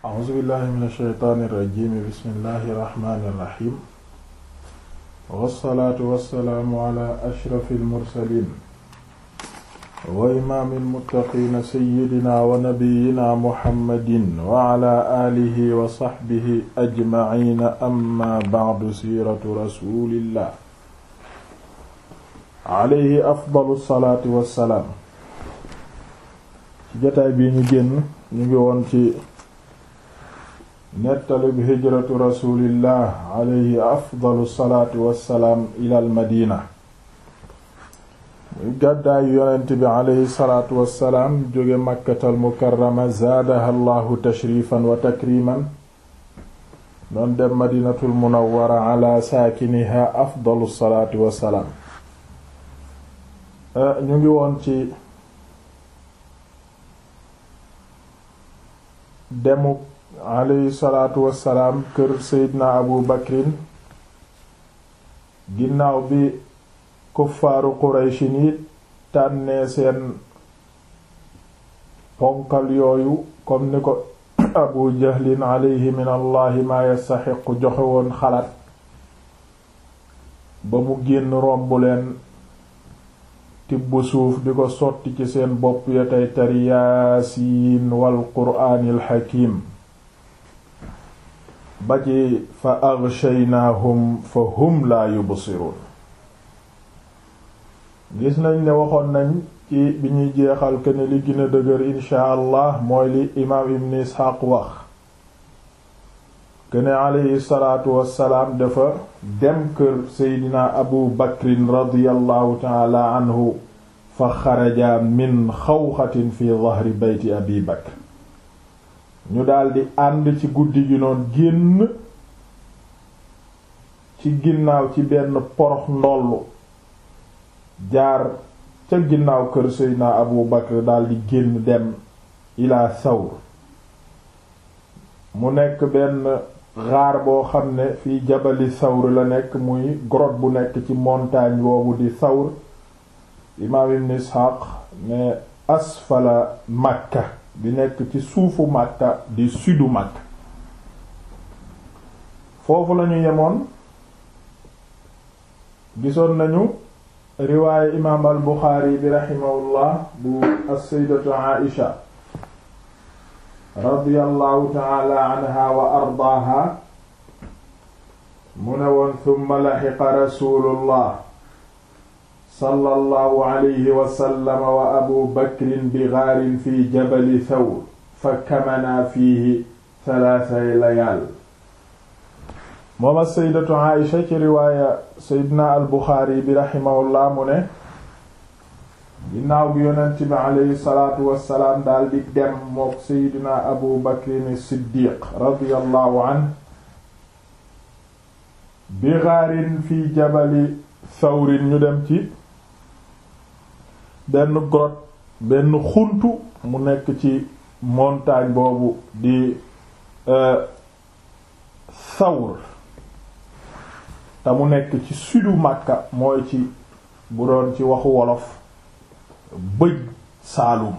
a'uuzu billahi min ashaytaani irrajim bismillahi irrahmani irrahim wassalaatu wassalaamu ala ashrafi almursalin wa imaami almuttaqiina sayyidina wa nabiyina muhammadin wa ala alihi wa saxbihi ajmaciina amma bacdu siiratu rasulillah alayhi afdalu salaatu wassalaam ci jotaay bii ñu génn ñu ngi woon ci nettali bi hijratu rasulillah alayhi afdalu salaatu wassalaam ilaal madina muy gàddaayu yonent bi alayhi salaatu wassalaam jóge makkatal mukarrama zaadaha llahu tashrifan wa takriman doon dem madinatul munawwara ala saakiniha afdalu salaatu wassalaam eh, ñu ngi ci demuk aleyhi salaatu wassalaam kër seydina abu bakrin ginnaaw bi kuffaaru qurayshin yi tànnee seen ponkal yooyu comme ni ko abu jahlin aleyhi min allahi xalaat ba mu génn romb leen tibb suuf di ko sotti ci seen bopp ya tey tari wal quraanil hakim ba ci fa aghshaynaahum fa hum laa yubsiruun gis nañ ne waxoon nañ ci bi ñuy jeexal ke ne li gën a dëgër insha allah mooy li imaam ibn isxaaq wax ke ne aleyhi salaatu wassalaam dafa dem kër seydina abu bakrin radiyallahu taala anhu fa xaraja min xawxatin fi dahri beyti abi bakr ñu daldi ànd ci guddi gi noon génn ci ginnaaw ci benn porox ndollu jaar ca ginnaaw kër Seydina Abu Bakr daldi génn dem ilaa Sawr mu nekk benn xaar boo xam ne fii jabali Sawr la nekk muy grotte bu nekk ci montagne boobu di Sawr imaam Ibn Ishaq ne asfala Makka bi nekk ci suufu Makka di sudu Makka foofu lañu yemoon gisoon nañu riwaaye imaam al Buxaari bi raximahullah bu as-sayyidatu Aisha radiyallahu ta'ala anha wa ardaaha mu ne woon thumma laxiqa rasulullah sallallahu alayhi wa sallam wa abu bakrin bi gaarin fi jabali thawr fa kamanaa fiihi thalaatha layaal moom a saydatu aisha ci riwaaya saydna al buxaari bi raximahullah mu ne ginnaaw bi yonent bi aleyhi salaatu wassalaam daal di dem mook saydna abu bakrin siddiq radiallahu anhu bi gaarin fi jabali thawrin ñu dem ci benn grotte benn xuntu mu nekk ci montagne boobu di Sawr euh, te mu nekk ci sudu Makka mooy ci bu doon ci waxu wolof bëj Saalum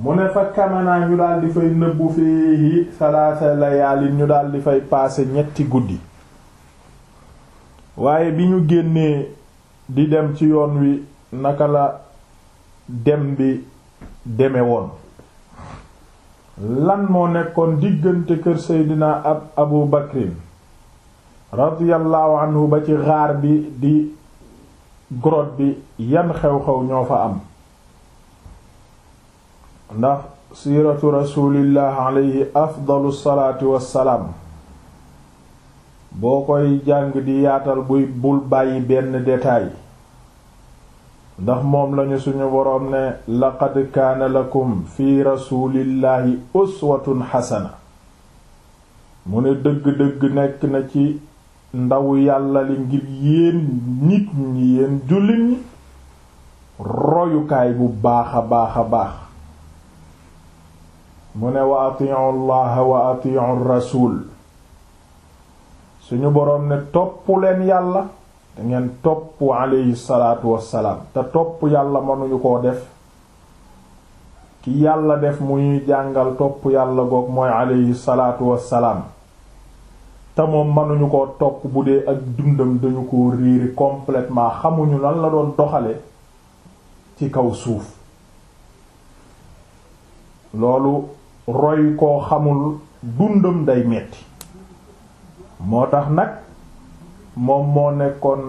mu ne fa kamanaa ñu daal di fay nëbbu fii salaasa layaalin ñu daldi fay paase ñetti guddi waaye bi ñu génnee di dem ci yoon wi naka la dem bi deme lan moo nekkoon diggante kër Seydina ab Abu Bakrin radiyallahu anhu ba ci xaar bi di grotte bi yan xew-xew ñoo fa am ndax siiratu rasulillah alayhi afdalu salaati wassalaam boo koy jàng di yaatal buy bul bàyyi benn détail ndax moom lañu suñu boroom ne laqad kaana lakum fi rasulillahi uswatun xasana mu ne dëgg-dëgg nekk na ci ndaw yàlla li ngir yéen nit ñi yéen jullit ñi royukaay bu baax a baax a baax mu ne wa atiu llaha suñu boroom ne topp leen yàlla da ngeen topp alayhi salaatu salaam te topp yàlla mënuñu koo def ki yàlla def mu ñuy jàngal topp yàlla goog mooy alayhi salaatu wassalaam te moom mënuñu koo topp bu dee ak dundam dañu ko riiri complètement xamuñu lan la doon doxale ci kaw suuf loolu roy koo xamul dundam day metti moo tax nag moom moo nekkoon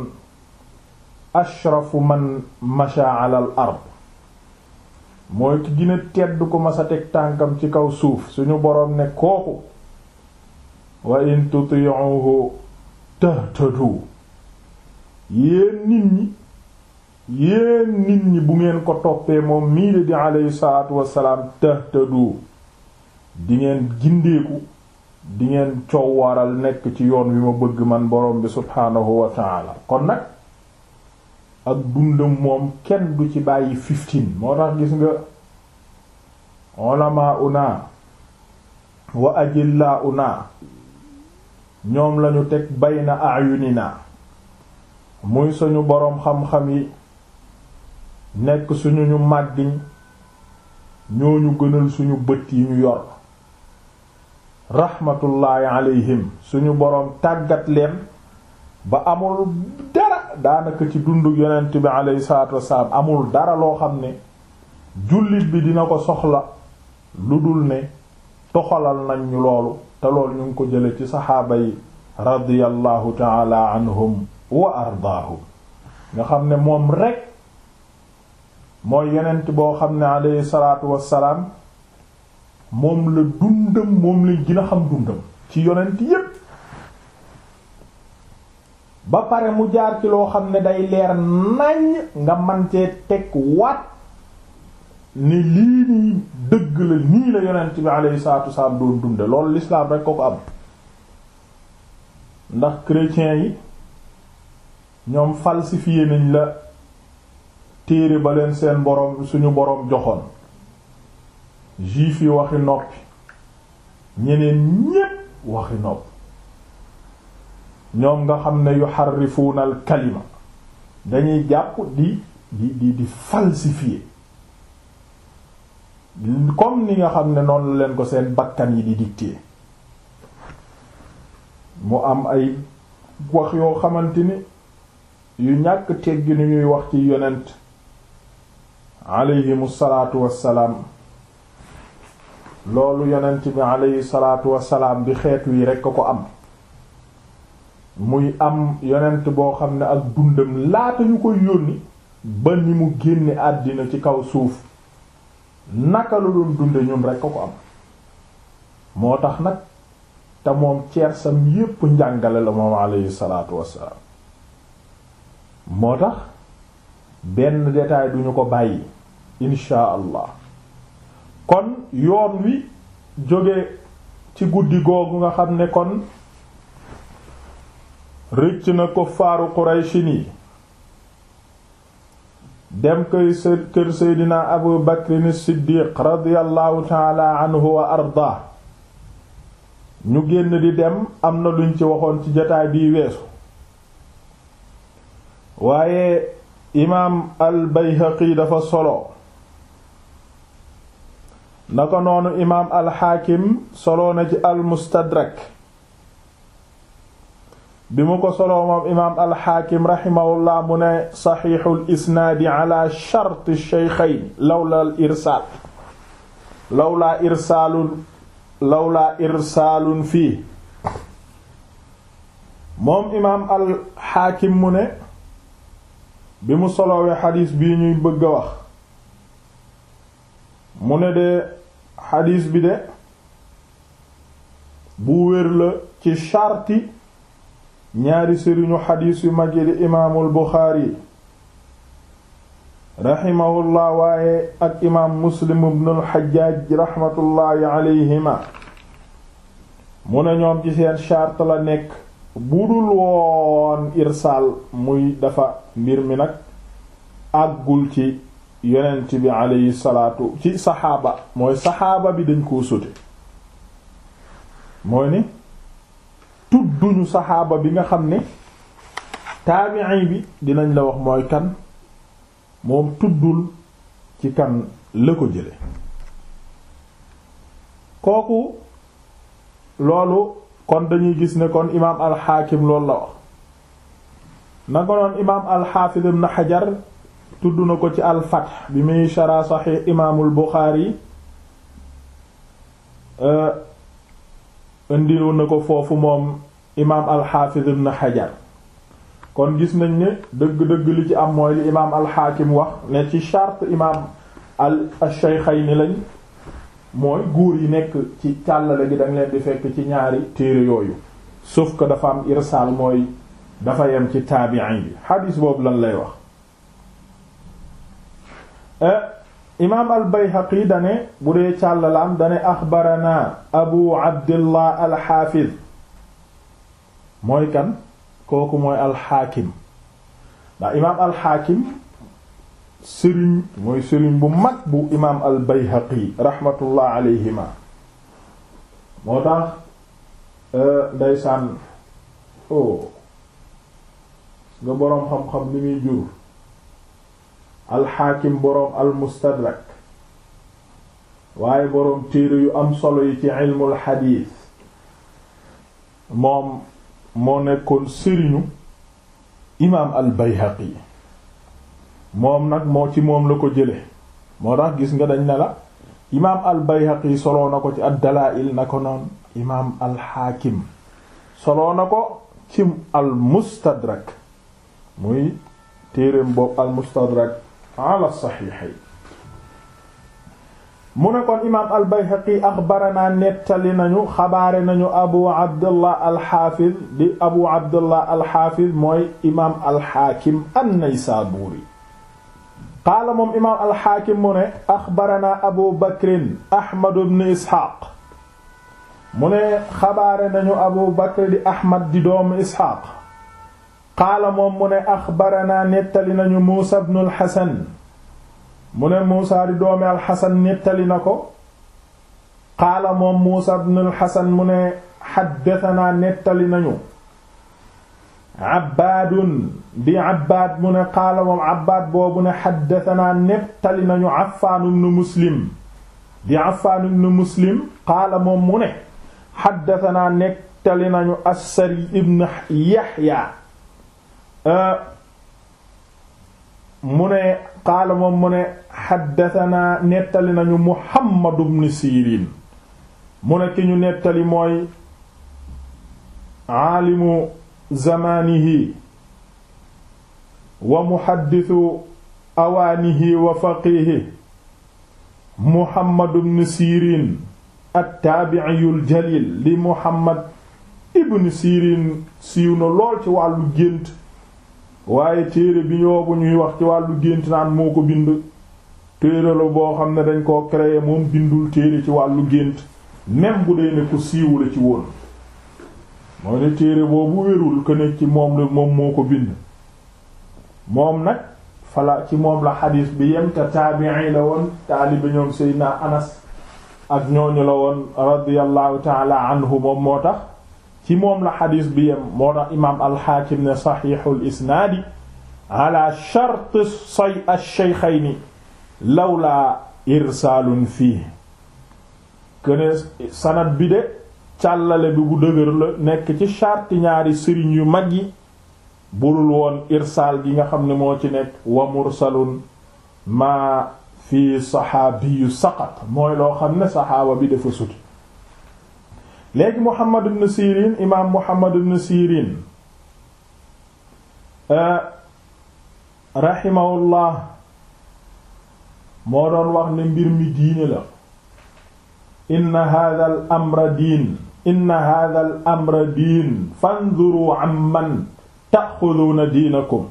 ashrafu man masha ala al mooy ki gën tedd ko masa teg tànkam ci kaw suuf suñu boroom ne kooku wa in tuti'uhu tahtadu yéen nit ñi yéen nit ñi bu ngeen ko toppee moom mii de di aleyhi salaatu wassalaam tahtadu di ngeen gindeeku di ngeen cowwaral nekk ci yoon wi ma bëgg man borom bi subhaanahu wa taala kon nag ak dundam moom kenn du ci bàyyi fifteen moo tax gis nga ulamaa una wa ajillaa una ñoom lañu teg bayna ayunina muy suñu boroom xam-xam yi nekk suñu ñu màggiñ ñoo ñu gënal suñu bët yi ñu yor rahmatullahi alayhim suñu boroom tàggat leen ba amul dara daanaka ci dundu yonent bi alayhi salaatu wassalaam amul dara loo xam ne jullit bi dina ko soxla lu dul ne toxalal nañ ñu loolu te loolu ñu ngi ko jële ci saxaaba yi radiyallahu taala anhum wa ardaahum nga xam ne moom rekk mooy yonent boo xam ne alayhi salaatu wassalaam moom la dundam moom lañ jina xam dundam ci yonent yépp ba pare mu jaar ci loo xam ne day leer nañ nga man cee teg waat ni lii nii dëgg la nii la yonent bi alayhi salaatu wasalaam doon dunde loolu l'islam rek ko ko am ndax chrétiens yi ñoom falsifié nañ la téere ba leen seen boroom suñu boroom joxoon juif yi waxi noppi ñeneen ñépp waxi noppi ñoom nga xam ne yuharrifuuna al kalima dañuy jàpp di di di di falsifier comme ni nga xam ne noonu leen ko seen bakkan yi di dicter mu am ay wax yoo xamante ni yu ñàkk gi ni ñuy wax ci yonent aleyhimu salaatu wassalaam loolu yonent bi aleyhi salaatu wasalaam bi xeetu wi rekk a ko am muy am yonent boo xam ne ak dundam laata ñu koy yónni ba ni mu génne àddina ci kaw suuf naka la doon dunde ñun rekk ko am moo tax nag te moom ceersam yépp njàngale la moom aleyhi salaatu wasalaam moo tax benn détail duñu ko bàyyi inshaa allah kon yoon wi jóge ci guddi googu nga xam ne kon rëcc na ko faaru Qurayshi ni dem koy kër Seydina Abu Bakrin Siddiq radiyallahu taala anhu wa arda ñu génn di dem am na luñ ci waxoon ci jotaay bii weesu waaye imaam al Bayhaqi dafa solo na ko noonu imaam alxaakim soloo na ci almustadrak bi mu ko soloo moom imaam alxaakim raximahullah mu ne saxiixul isnaadi ala charte sheyxayn lawla irsaal lawla irsaalun fii moom imaam alxaakim mu ne bi mu solowee xadiis bii ñuy bëgg a wax mu ne de xadiis bi de bu wér la ci sharti ñaari sëriñu xadiis yu mag yi Buxaari raximahullah waaye ak imaam Muslim ibnul Xajjaaj raxmatullaahi alayhima mu ne ñoom ci seen charte la nekk budul woon irsaal muy dafa mbir mi nag àggul ci yonent bi alayhi salaatu ci saxaaba mooy saxaaba bi dañ koo sote mooy ne tudduñu saxaaba bi nga xam ne taabi'i bi dinañ la wax mooy kan moom tuddul ci kan la ko jële kooku loolu kon dañuy gis ne kon imaam alxaakim loolu la wax na ko noon imaam alxaafid ibn xajar tudd na ko ci alfath bi muy shara saxix imaamul buxaari eh, indiwu na ko foofu moom imaam alxaafiz ibn xajar kon gis nañ ne dëgg-dëgg li ci am mooy li imaam alxaakim wax ne ci charte imaam al shaykhayni lañ mooy guur yi nekk ci tàllale gi dañ leen di fekk ci ñaari téere yooyu sauf ko dafa am irsaal mooy dafa yem ci taabiin bi xadiis boobu lañ lay wax Eh, imaam al-Bayhaqi dane bu dee càllalaam dane axbarana abu abdillah al-Hafiz mooy kan kooku mooy al-Hakim ndax imaam al-Hakim sëriñ mooy sëriñ bu mag bu imaam al-Bayhaqi rahmatullah alayhima moo tax eh, ndeysaan o oh, nga boroom xam-xam li muy jur alxaakim boroom almustadrak waaye boroom téere yu am solo yi ci ilmul xadiis moom imaam al bayhaqi moom nag moo ci moom la ko jële moo tax gis nga dañ ne la imaam al bayhaqi soloo na ko ci ad dalaa'il na soloo na ko ci al mustadrak muy téereem boobu al ala saxiixayn mu ne kon imaam al bayhaqi axbaranaa nettali nañu xabaare nañu abu abdullah al xaafiz di abu abdullah al xaafiz mooy imaam al xaakim an-naysaabuuri qaala moom imaam al xaakim mu ne axbaranaa abu bakrin ahmad ibn isxaaq mu ne xabaare nañu abu bakr di ahmad di doomu isxaaq qaala moom mu ne axbaranaa nettali nañu muusa ibnu alxasan mu ne muusa di doomi alxasan nettali na ko qaala moom muusa ibnu alxasan mu ne xaddatanaa nettali nañu abbaadun di abbaad mu ne qaala moom abbaad boobu ne xaddatanaa nañu affaan ibnu muslim di affaan ibnu muslim qaala moom mu ne xaddatanaa nettali nañu assari ibnu yaxya Euh, mu ne qaala moom mu ne xaddatanaa nettali nañu muhammadu bnu siiriin mu ne ki ñu nettali mooy aalimu zamaanihi wa muxaddisu awaanihi wa faqiihi muhammadu bnu siiriin attaabiciyul jaliil li muhammad ibnu siiriin siiw na lool ci wàllu gént waaye téere bi ñoo ñuy wax ci wàllu gént naan moo ko bind téere la boo xam ne dañ koo créé moom bindul téere ci wàllu gént même bu dee ne siiwu la ci woon moom moo ko bind moom nag fala ci moom la xadiis bi yem te taabi'i la woon taalibe ñoom Seydina Anas ak ñooñu la woon radiyallahu taala anhu moom moo tax ci moom la xadis bi yem moo tax imaam alxaakim ne saxiixul isnaadi ala chart say ash-shaykhayni lawlaa irsaalun fii kene sanad bi de càllale bi bu dëgër la nekk ci chart ñaari sëriñ yu mag yi bulul woon irsaal gi nga xam ni moo ci nekk wa mursalun maa fii saxaabiyu saqat mooy loo xam ne saxaaba bi dafa suti léegi Muhammad ibn Sirin imaam Muhammad ibn Sirin euh, rahimahullah moo doon wax ne mbir mi diine la inna hadha al amra diin inna hadha al amra diin fanzuru amman ta'khudhuna diinakum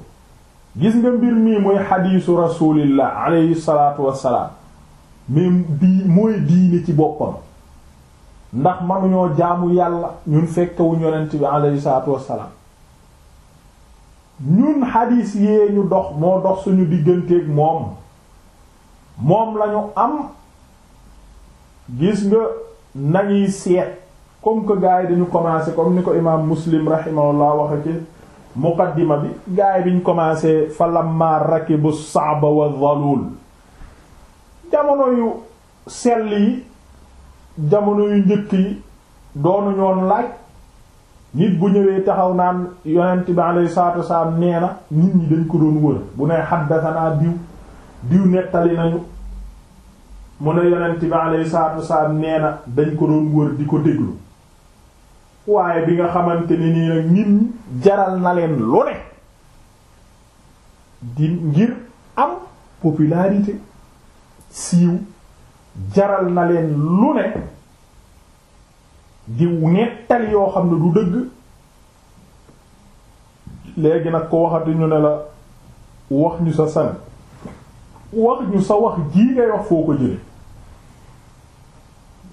gis nga mbir mii muy xadiisu rasulillah alayhi salatu wassalaam mooy diine ci boppam ndax ma ñoo jaamu yàlla ñun fekkewuñ yonent bi alayhi salaatu wassalaam ñun xadiis yee ñu dox moo dox suñu digganteeg moom moom lañu am gis nga nañuy seet comme que gaay dañu commencé comme ni ko imaam muslim rahimahullah waxe ci muqaddima bi gaay biñ commencé fa lamma rakibu saaba wa dhalul jamono yu sell yi jamono yu njëkk yi doonu ñoon laaj nit bu ñëwee taxaw naan yonent bi alayhi salaatu wasalaam nee na nit ñi dañ ko doon wër bu ne xaddasanaa diw diw nettali nañu mu ne yonent bi alayhi salaatu wasalaam nee na dañ ko doon wër di ko déglu waaye bi nga xamante ni nii nag nit jaral na leen lu ne di ngir am popularité siiw jaral na leen lu ne di nettali yoo xam ne du dëgg léegi nag ko waxati ne la wax ñu sa san wax ñu sa wax jii ngay wax foo ko jële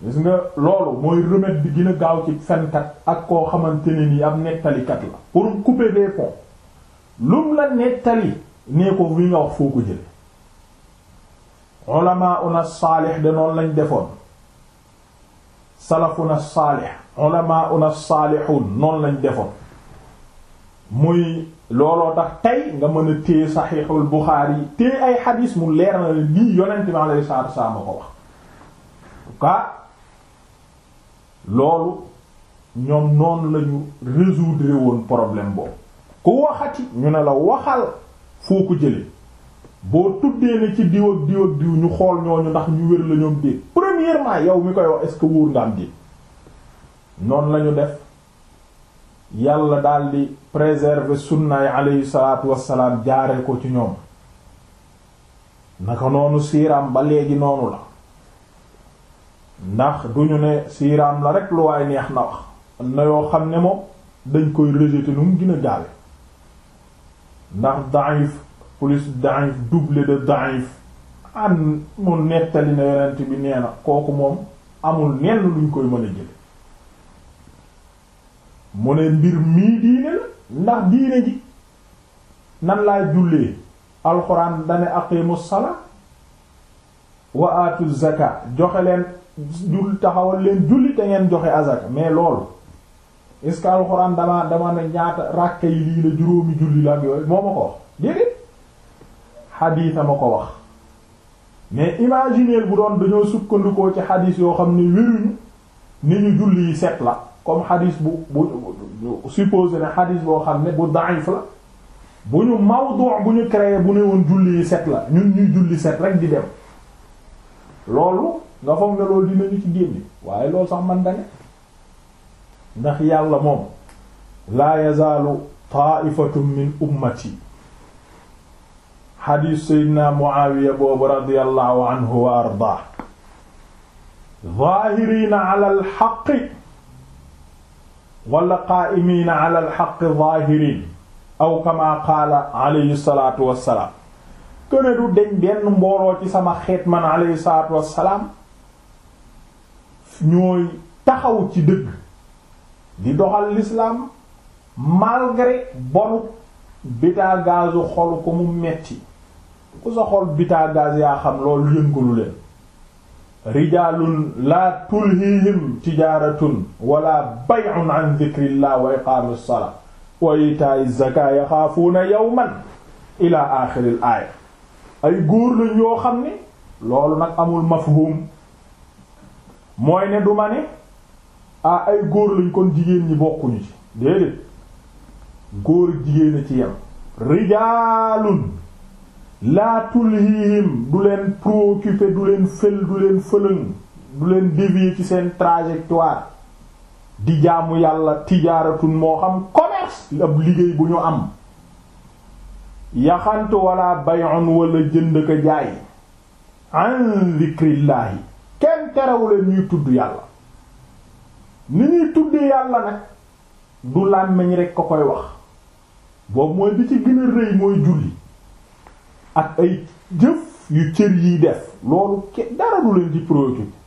gis nga loolu mooy remède bi dina a gaaw ci fenkat ak koo xamante ne nii am nettalikat la pour couper des ponts lum la nettali nee ko wi nga wax foo ko jële ulamaa una saalix lañ defoon salafuna saalix ulamaa una saalixuun lañ defoon muy looloo tax tey nga a téye saxiixul Buxaari yi téye ay xadiis mu leer loolu ñoom noonu lañu résoudre woon problème boobu ku waxati ñu ne la waxal foo ko jële boo tuddee ne ci diw ak diw ñu xool ñooñu ndax ñu wér la ñoom déet premièrement yow mi koy wax est-ce que wóor nga am déet noonu lañu def yàlla daldi préserver sunnaay alayhi salaatu wassalaam jaaree ko ci ñoom naka noonu siiraam ba léegi noonu la ndax duñu ne siiraam la rek lu waay neex na wax na yoo xam ne moom dañ koy rejeter nu mu gën a ndax daif plus daif double de daif an mu nettali na yonent bi nee kooku moom amul nenn luñ koy mën a jële mu ne mbir mii diine la ndax diine ji nan laa jullee alxuraan dane aqimu sala wa aatu zaka joxe leen jul taxawal leen julli te ngeen joxe azaka mais loolu est-ce alxuraan dama dama ne ñaata ràkka yi lii la juróomi julli la ak yooyu moo ma ko xadiisa ma ko wax mais imaginer bu doon dañoo sukkandikoo ci xadis yoo xam ne wéruñu ni ñu julli yi set la comme xadis bu bu supposé ne xadis boo xam ne bu da'if la bu ñu mawdu' bu ñu créé bu ne woon julli yi set la ñun ñuy julli set rek di dem loolu nga foog ne loolu dinañu ci génne waaye loolu sax man dane ndax yàlla moom laa yazaalu ta'ifatun min ummati xadiis seydina muawiya boobu radiyallahu anhu wa ardaa zaahiriina ala alxaqi wala qaa'imiina ala alxaqi zaahiriin aw kama qaala alayhi salaatu wassalaam këne du deñ benn mbooloo ci sama xeet man alayhi salaatu wassalaam ñooy taxaw ci dëgg di doxal l'islam malgré bonu bitaa gaazu xolu ko mu metti ku sa xol bitaa yaa xam loolu yëngalu leen rijaalun laa tulhiihim tijaaratun wala bay'un an dhikrillah wa iqaamis salaa wa itaa'iz zakaa yaxaafuuna yawman ilaa aaxiril aaya ay góor lañ yoo xam ne loolu nag amul mafhum mooy ne du ma ne ah ay góor lañ kon jigéen ñi bokkuñu ci déedéet góor jigéen ci yam rijaalun laa tulhihim du leen préoccupé du leen fël du leen fëlën du leen dévier ci seen trajectoire di jaamu yàlla tijaaratun moo xam commerce ab liggéey bu ñu am yaxantu wala bay'un wala jënd ko jaay an zikrillaahi kenn terewuleen ñuy tudd yàlla ni ñuy tuddee yàlla nag du làmmiñ rekk ko koy wax boobu mooy bi ci gën rëy mooy julli ak ay jëf yu cër yiy def loolu dara du leen di préoccuper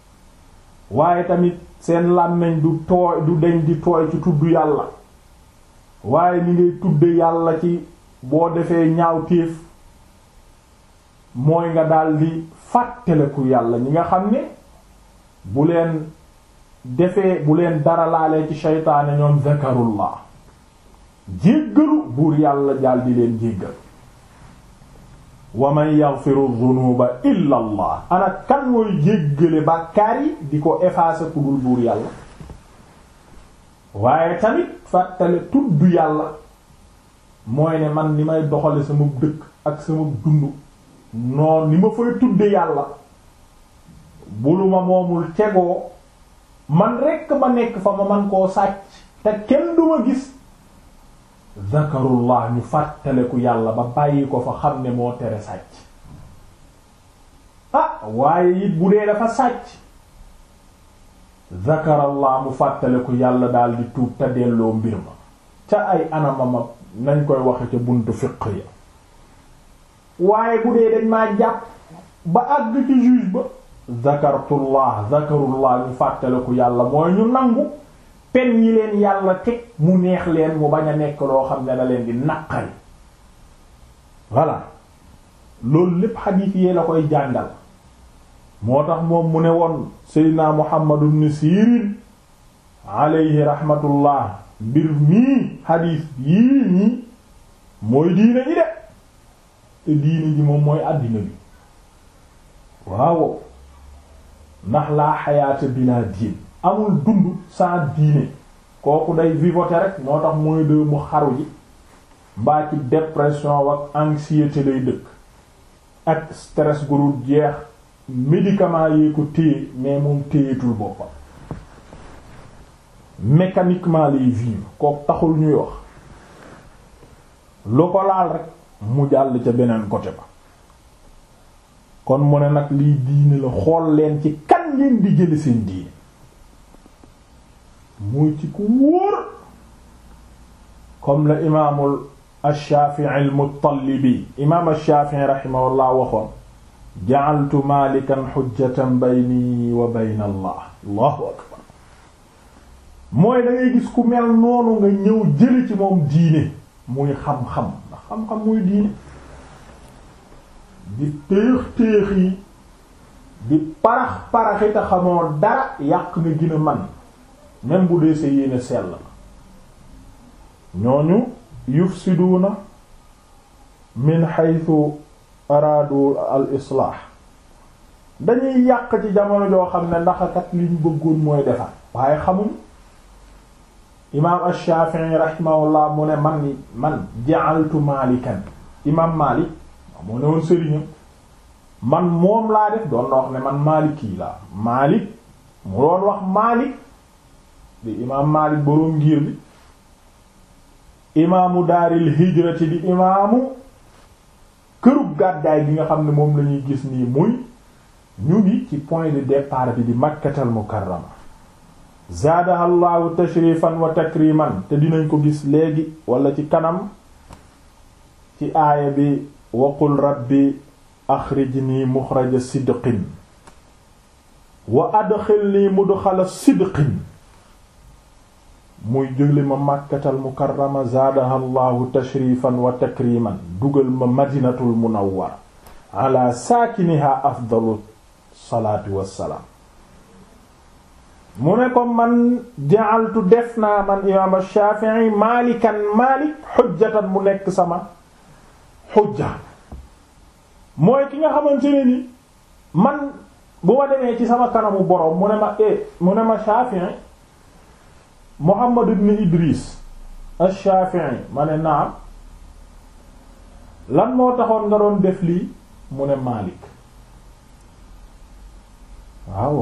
waaye tamit seen làmmiñ du tooy du deñ di tooy ci tudd yàlla waaye ni ngay tudde yàlla ci boo defee ñaaw téef mooy nga daldi fàttaliku yàlla ñi nga xam ne bu leen defee bu leen dara laalee ci shaytaane ñoom zakarullah jéggalu buur yàlla daldi leen jéggal wa man yaghfiru dhunuba illa allah ana mooy jéggale bàkkaar yi di ko effacer ku dul buur yàlla waaye tamit fàttale tudd yàlla mooy ne man ni may doxale sama dëkk ak sama dund noon ni ma fay tudde yàlla bu lu ma moomul tegoo man rekk ma nekk fa ma man koo sàcc te kenn duma gis zakarullah ñu fàttaleku yàlla ba bàyyi ko fa xam ne moo tere sàcc ah waaye it bu dee dafa sàcc zakarallah mu fàttaleku yàlla daal di tuub te delloo mbir ma ca ay anamama nañ koy waxe ca buntu fiq ya waaye bu dee dañ maa ba àgg ci juge ba zakartullah zakarullah ñu fàttaleku yàlla mooy ñu nangu pen yi leen yàlla teg mu neex leen mu bañ a nekk loo xam ne da leen di naqari voilà loolu lépp xadiis yee la koy jàngal moo tax moom mu ne woon seydina muhammad ibn sirin alayhi rahmatullah mbir mii xadiis yii nii mooy diine ji de te diine ji moom mooy àddina bi waaw ndax laa xayaata bilaa diin amul dund sans diine kooku day vivoter rek moo tax mooy de mu xaru ji mbaa ci dépression ak anxiété lay dëkk ak stress gu jeex médicament yi ko téye mais moom téyetul boppam mécaniquement lay vivre kooku taxul ñuy wax lu ko laal rek mu jàll ca beneen côté ba kon mu ne nag liy diine la xool leen ci kan ngeen di jële seen diine muy ci ku wóor comme la imaamul ash al-Muttalibi imaam ash-Shafi'i rahimahullah waxoon ja'altu malikan hujjatan wa bayna Allah Allahu akbar mooy da ngay gis ku mel noonu nga ñëw jëli ci moom diine muy xam-xam muy diine di téex téex di parax paraxi te xamoo dara yàq nga gën man même bu dee sa yéene sell na ñooñu yufsiduuna min haythu araadu al islaax dañuy yàq ci jamono joo xam ne ndax kat liñ bëggoon mooy defar waaye xamuñ imaam ash-Shafi'i rahimahullah mu ne man man ja'altu maalikan imaam Maalik moo ne woon sëriñam man moom laa def doon na wax ne man Maalik kii laa Maalik mu doon wax Maalik di imaam Maalik boroom ngir bi imaamu daaril hijrati di imaamu kërug gàddaay gi nga xam ne moom la ñuy gis nii muy ñu ngi ci point de départ bi di Makkatal Mukarrama zaadaha llahu tashrifan wa takriman te dinañ ko gis léegi wala ci kanam ci aaya bi waqul rabbi axrijni muxraja sidqin wa adxilni mudxala sidqin muy jógle ma màkkatal mukarrama zaadaha allahu tashrifan wa takriman dugal ma madinatul munawwara ala saakiniha afdalu salaatu wassalaam mu ne ko man ja'altu def naa man imaam Shaafi'i maalikan maalik xujjatan mu nekk sama xujja mooy ki nga xamante ne ni man bu ma demee ci sama kanamu borom mu ne ma e mu ne ma Shaafi'i Muhammad ibn Idris ash-Shafi'i ma ne naam lan moo taxoon nga doon def lii mu ne Malik waaw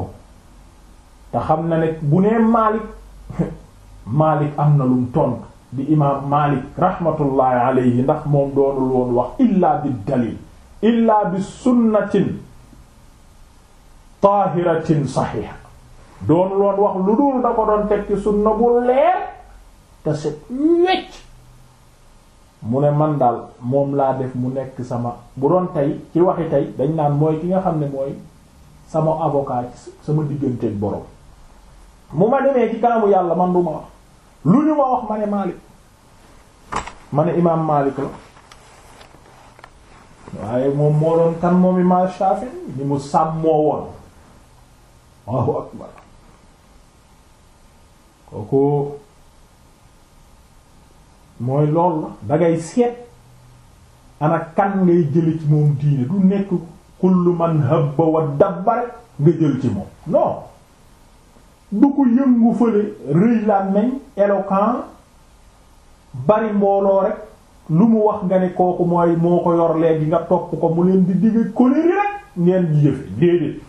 te xam na ne bu nee Malik Malik am na lum tontu di imaam Malik rahmatullahi alayhi ndax moom doonul woon wax illaa bi dalil illaa bi sunnatin taahiratin saxiixa doon loon wax lu dul da ko doon teg ci sunna bu leer te set wecc mu ne man daal moom laa def mu nekk sama bu doon tey ci waxi tey dañ naan mooy ki nga xam ne mooy sama avocat sama digganteeg borom mu ma demee ci kanamu yàlla man du ma wax lu ñu ma wax ma ne Maalik ma ne imaam Maalik la waaye moom moo doon kan moom imaam Shaafi ni mu sàmmoo woon Allahu akbar kooku mooy lool la dangay seet ana kan ngay jële ci moom diine du nekk kullu man habba wa dabbare nga jël ci moom non du ko yëngu fële rëy laan nañ éloquent bari mbooloo rek lu mu wax nga ne kooku mooy moo ko yor léegi nga topp ko mu leen di digg colère rek ngeen di jëfe déedéet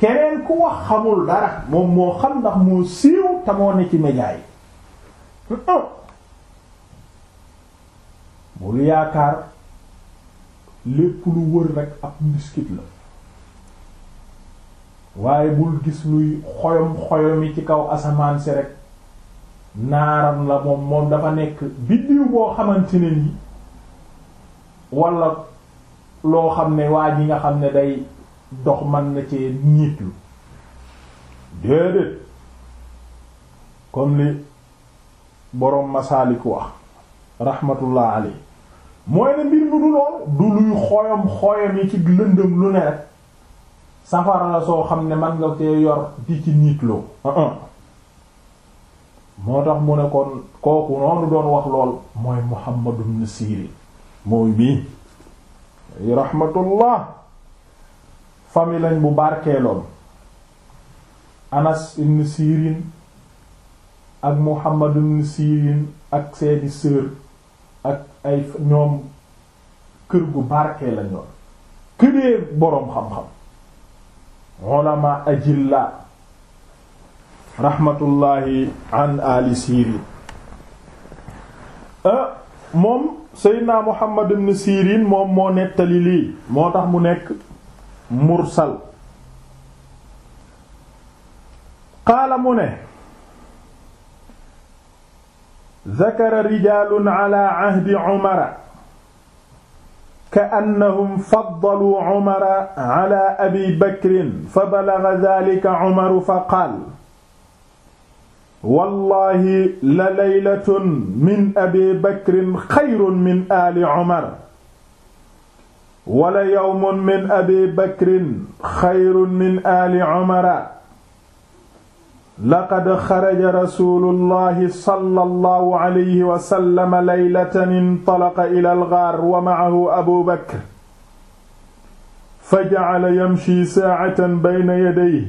keneen ku wax xamul dara moom moo xam ndax moo siiw te moo ne ci média yi oh. bul yaakaar lépp lu wër rek ab mbiskit la waaye bul gis luy xoyom xoyomi ci kaw asamaan si rek naaram la moom moom dafa nekk biddiw boo xamante ne ni walla loo xam ne waa ji nga xam ne day dox man na cee ñiitlu déedéet comme li boroom masaalik wax rahmatullah alay mooy ne mbir mi du lool du luy xoyom xoyom yi ci lëndëm lu ne rek safara la soo xam ne man nga cee yor di ci niitloo uh-uh. moo tax mu ne kon kooku noonu doon wax lool mooy Muhammad ibn Sirin mooy bii rahmatullah famille lañ bu barkeeloon Anas ibn Sirin ak Muhammad ibn Sirin ak seeni sœur ak ay ñoom kër gu barkee lañoon këree boroom xam-xam ulama ajilla rahmatullahi an ali Sirin ah, moom Seydina Muhammad ibn Sirin moom moo nettali lii moo tax mu nekk mursal qaala mu ne dakara rijaalun ala ahdi umara kaannahum faddaluu umara ala abi bakrin fa balaga dalika umaru fa qaal wallahi la laylatun min abi bakrin xayrun min aali umar wala yawmun min abi bakrin xayrun min ali umara laqad xaraja rasuulullahi sallallahu alayhi wa sallam laylatan intalaqa ila al-ghaar wa ma'ahu abu bakr faja'ala yamshi saa'atan bayna yadayhi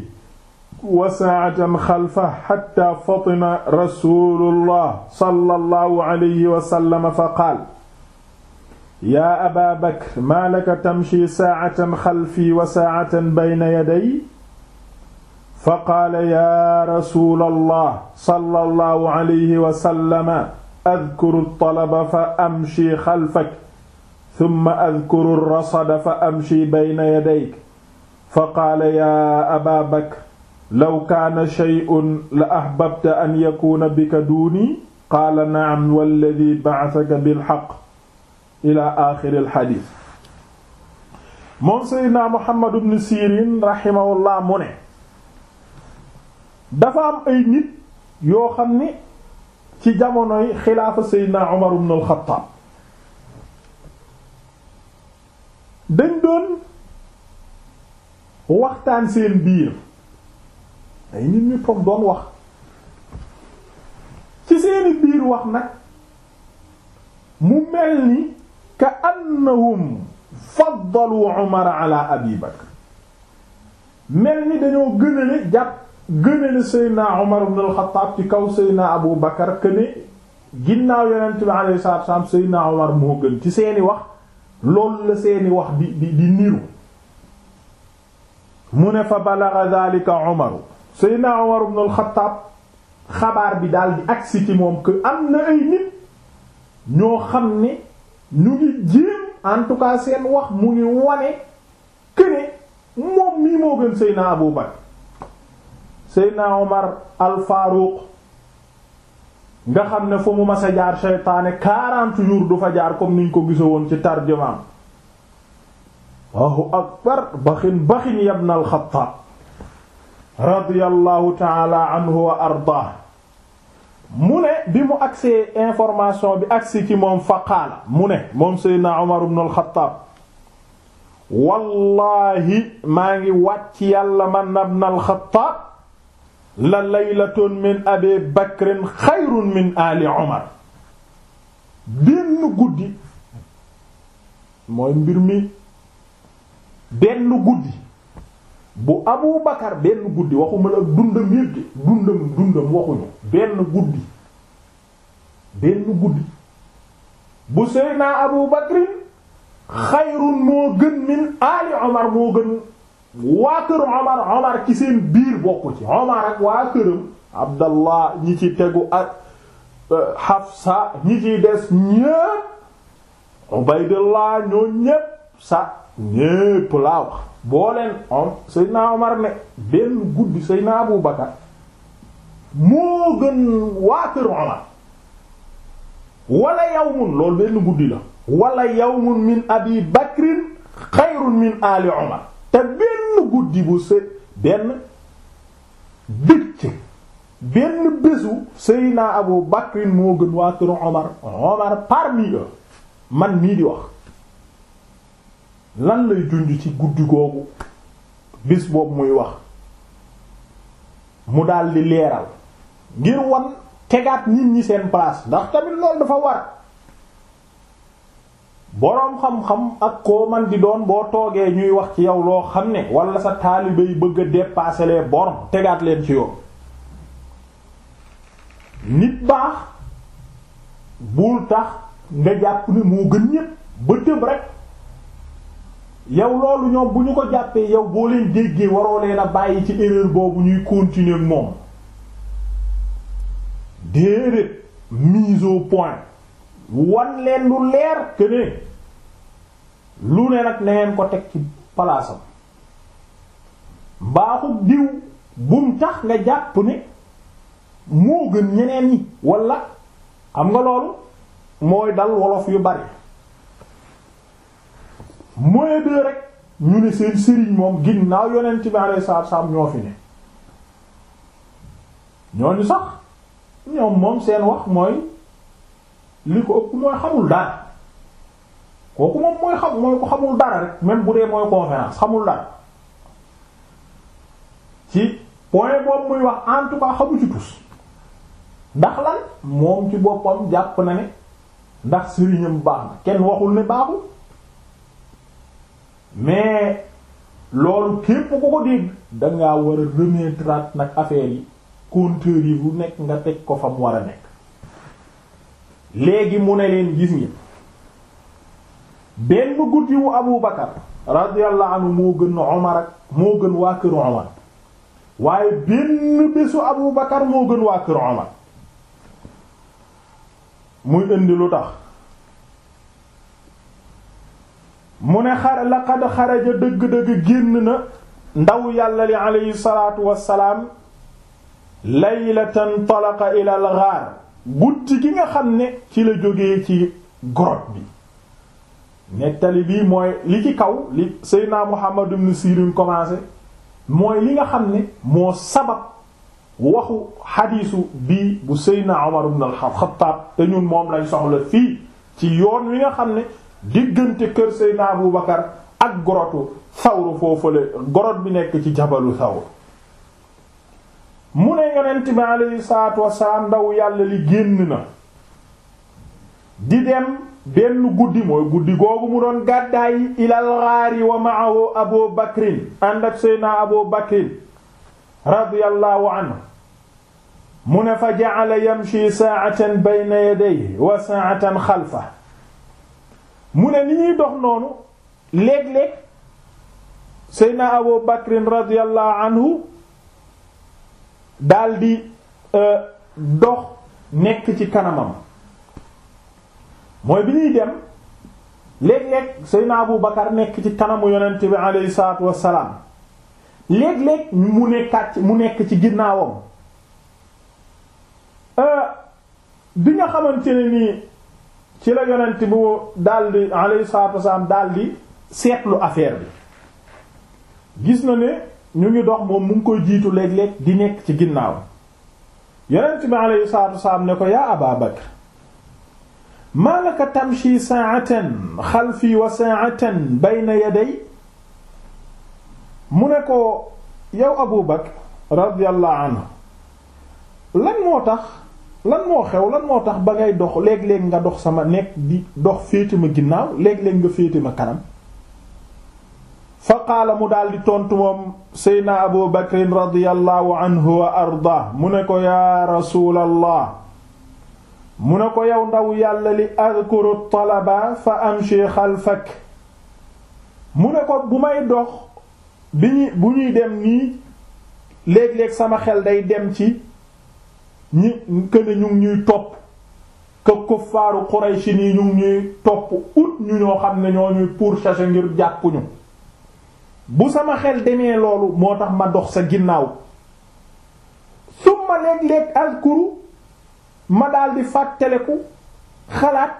wa saa'atan xalfahu hattaa fatina rasuulullah sallallahu alayhi wa sallam faqaala yaa aba bakr maa laka tamshi saacatan xalfii wa saacatan bayna yaday fa qaala yaa rasula allah sala allahu alayhi wasallama adkuru ltalaba fa amshi xalfak summa adkuru rasada fa amshi bayna yadayk fa qaala yaa aba bakr law kaana shay'un la ahbabta an yakuuna bika duuni qaala nacam walladi bacaka bilxaq ila axiril xadiis moom seydina Muhammad ibn Sirin rahimahullah mu ne dafa am ay nit yoo xam ni ci jamonoy xilaafa seydina Umar ibn al dañ doon waxtaan seen biir ay nit ñu toog doon wax ci seeni biir wax nag mu mel ni ka annahum faddalu Umara ala Abi Bakr mel ni dañoo gënale jàpp gënale Seydina Umar ibn al-Khattab ci kaw Seydina Abu Bakr que ne ginnaaw Yonent bi alayhi salaatu wassalaam Seydina Umar moo gën ci seeni wax loolu la seeni wax di di di niru mu ne fa balagha dhalika Umar Seydina Umar ibn al-Khattab xabaar bi daal di agsi ci moom que am na ay nit ñoo xam ne. ñu ngi jéem en tout cas seen wax mu ngi wane que ne moom mii moo gën Seydina Abu Bakr Seydina Omar al Faruq nga xam ne fu mu mas a jaar seytaane 40 jours du fa jaar comme niñ ko gisa woon ci tarjumaam Allahu akbar baxin baxin yabna al Xattaab radiyallahu ta'ala anhu wa ardaa mu ne bi mu agsee information bi agsi ci moom fa qaala mu ne moom seydna Umar ibn al-Khattab wallaahi maa ngi wàcc yàlla man ibn al-Khattab la laylatun min abi bakrin xayrun min ali Umar benn guddi mooy mbir mi benn guddi bu Abu benn guddi waxuma la dundam yëpp dundam dundam waxuñu benn guddi benn guddi bu Seydina Abu Bakrin moo gën min aali Omar moo gën waa kër Omar Omar ci seen biir bokku ci Omar ak waa këram Abdallah ñi ci tegu ak euh, Hafsa ñi ci des ñépp Ubaydullah ñoo ñépp sa ñépp laa wax boo leen om Seydina Omar ne benn guddi Seydina Abu Bakar moo gën waa kër Omar wala yawmun loolu benn guddi la wala yawmun min Abi Bakrin xayrun min ali Omar te benn guddi bu se benn bëccëg benn bésu Seydina Abu Bakrin moo gën waa Omar Omar parmi eux man mii di wax lan lay junj ci guddi googu bis boobu muy wax mu daldi leeral ngir wan tegaat nit ñi seen place ndax tamit lool dafa war boroom xam-xam ak koo man di doon boo toogee ñuy wax ci yow loo xam ne wala sa taalibe yi bëgg a dépasser les tegaat leen ci yoon nit baax bul tax nga jàpp ne moo gën ñépp ba tëb rek. yow loolu ñoom bu ñu ko jàppee yow boo leen déggee waroo leen a bàyyi ci erreur boobu ñuy continuer moom déedéet mise point wan leen lu leer que lu ne nag na ko teg ci palaasam baaxub diw bum tax nga jàpp ne moo gën ñeneen ñi wala am nga loolu mooy dal wolof yu bari mooy de rek ñu ne seen sëriñ moom ginnaaw yonent bi alayhi salaatu salaam ñoo fi ne ñooñu sax ñoom moom seen wax mooy li koo ëpp mooy xamul dara kooku moom mooy xam mooy ko xamul dara rek même bu dee mooy conférence xamul dara ci point boobu muy wax en tout ci tus ndax lan moom ci boppam jàpp na ne ndax sëriñam baax na kenn waxul ne baaxul mais loolu képp ku ko dégg dangaa war a remettre nag affaire yi compteur yi bu nekk nga teg ko fa war a nekk léegi mu ne leen gis ngi benn guddi wu Abu Bakar radiyallahu moo gën Omar ak waa kër Omar waaye benn bésu Abu moo gën waa kër Omar muy indi lu tax mu ne xare laqad xaraja dëgg-dëgg génn na ndaw yàlla li aleyhi salaatu wassalaam laylatan talaqa ila al ghaar guddi gi nga xam ne ci la jógee ci grotte bi nettali bii mooy li ci kaw li Seydina Muhammad ibn Sirin commencé mooy li nga xam ne moo sabab waxu xadiisu bii bu Seydina Umar ibn al-Khattab te ñun moom lañ soxla fii ci yoon wi nga xam ne diggante kër Seydina Abu Bakar ak gorotu sawru foofule gorot bi nekk ci jabalu sawru mu ne yonent bi alayhi salaatu wassalaam ndaw yàlla li génn na di dem benn guddi mooy guddi googu mu doon gàddaay ilal ghaari wa ma'ahu Abu Bakrin ànd ak Seydina Abu Bakrin radiyallahu anhu mu ne fa ja'ala yamshi saa'atan bayna yadayhi wa saa'atan xalfahu mu ne ni ñuy dox noonu léeg-léeg seydna abu bakrin radiallahu anhu daldi euh, dox nekk ci kanamam mooy bi ñuy dem léeg-léeg seydna abu bakar nekk ci kanamu yonent bi aleyhi salaatu wassalaam léeg-léeg mu nekkaat mu nekk ci ginnaawam euh, bi nga xamante ne nii ci la yonent bi daldi alayhi salaatu wasalaam daldi seetlu affaire bi gis na ne ñu ngi dox moom mu ngi koy jiitu léeg-léeg di nekk ci ginnaaw yonent bi alayhi salaatu wasalaam ne ko yaa Abaa Bakr maa laka tamshi saa'atan xalfii wa saa'atan bayna yaday mu ne ko yow Abu Bakr radiyallahu anhu lan moo tax lan moo xew lan moo tax ba ngay dox léeg-léeg nga dox sama nekk di dox féete ma ginnaaw léeg-léeg nga féete ma kanam fa qaala mu daal tontu moom seydna abu bakrin radiallahu anhu wa arda mu ne ko yaa rasuulallah mu ne ko yow ndaw yàlla li adkuru talaba fa amshi xalfak mu ne ko bu may dox bi bu ñuy dem nii léeg-léeg sama xel day dem ci ñi këne ñu ngi ñuy topp que kuffaaru Qurayshi nii ñu ñuy topp ut ñu ñoo xam ne ñoo ñuy pourchasser ngir jàppuñu bu sama xel demee loolu moo tax ma dox sa ginnaaw summa léeg-léeg alkuru ma daldi fàttaleku xalaat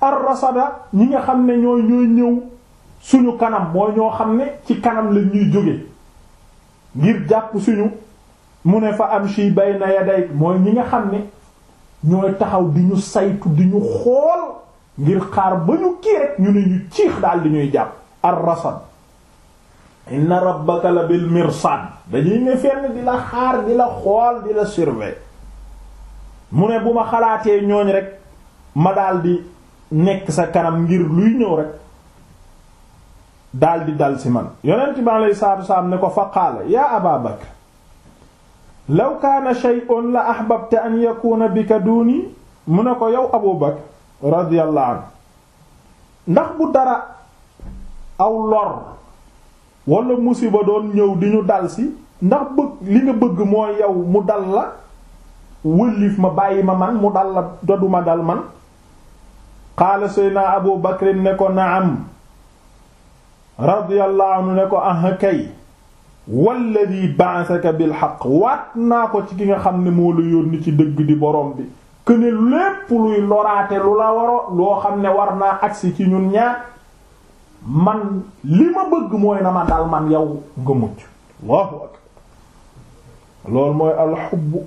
ar-rasada ñi nga xam ne ñooy ñëw suñu kanam mooy ñoo xam ne ci kanam lañ ñuy jóge ngir jàpp suñu mu ne fa amshi bayna day mooy ñi nga xam ne ñooy taxaw di ñu saytu di ñu xool ngir xaar ba ñu kii rek ñu ne ñu ciix daal di ñuy jàpp ar-rasad inna rabbaka la bil mirsad dañuy ne fenn di la xaar di la xool di la surveiller mu ne bu ma xalaatee ñooñ rek ma daal di nekk sa kanam ngir luy ñëw rek daal di dal si man yonent bi alayhi salaatu ne ko fa qaala yaa Abaa Bakr law kaana shay'un la ahbabta an yakuna bika duni mu ne ko yow Abu Bakr radiyallahu ndax bu dara aw lor wala musiba doon ñëw di ñu dal si ndax bëgg li nga bëgg mooy yow mu dal la wëllif ma bàyyi ma man mu dal la doduma dal man qaala sayna Abu Bakr ne ko naam radiyallahu ne ko ah kay walladi ba'athaka bil haqq waat naa ko ci ki nga xam ne moo la yónni ci dëgg di borom bi këne lépp luy loraate lu la waro loo xam ne war naa agsi ci ñun ñaar man li ma bëgg mooy na ma dal man yow nga mucc Allahu akbar loolu mooy alxubbu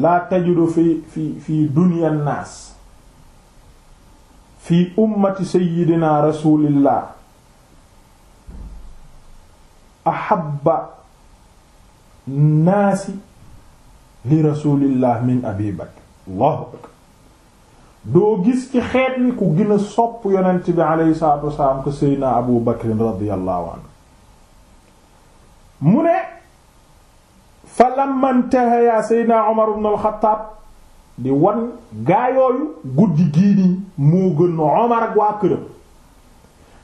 laa tajidu fi fi fi dunya naas fi ummati sayyidina rasulillah ahabba naasi li rasulillah min abi bakr allahu akbar doo gis ci xeet wi ku gën a sopp yonent bi aleyhi salatu wasalaam ko seydna abu bakrin radiallahu anhu mu ne fa lamma intahaya seydna omar ibn alxataab di wan gaayooyu guddi gii nii moo gën omar ak waa këram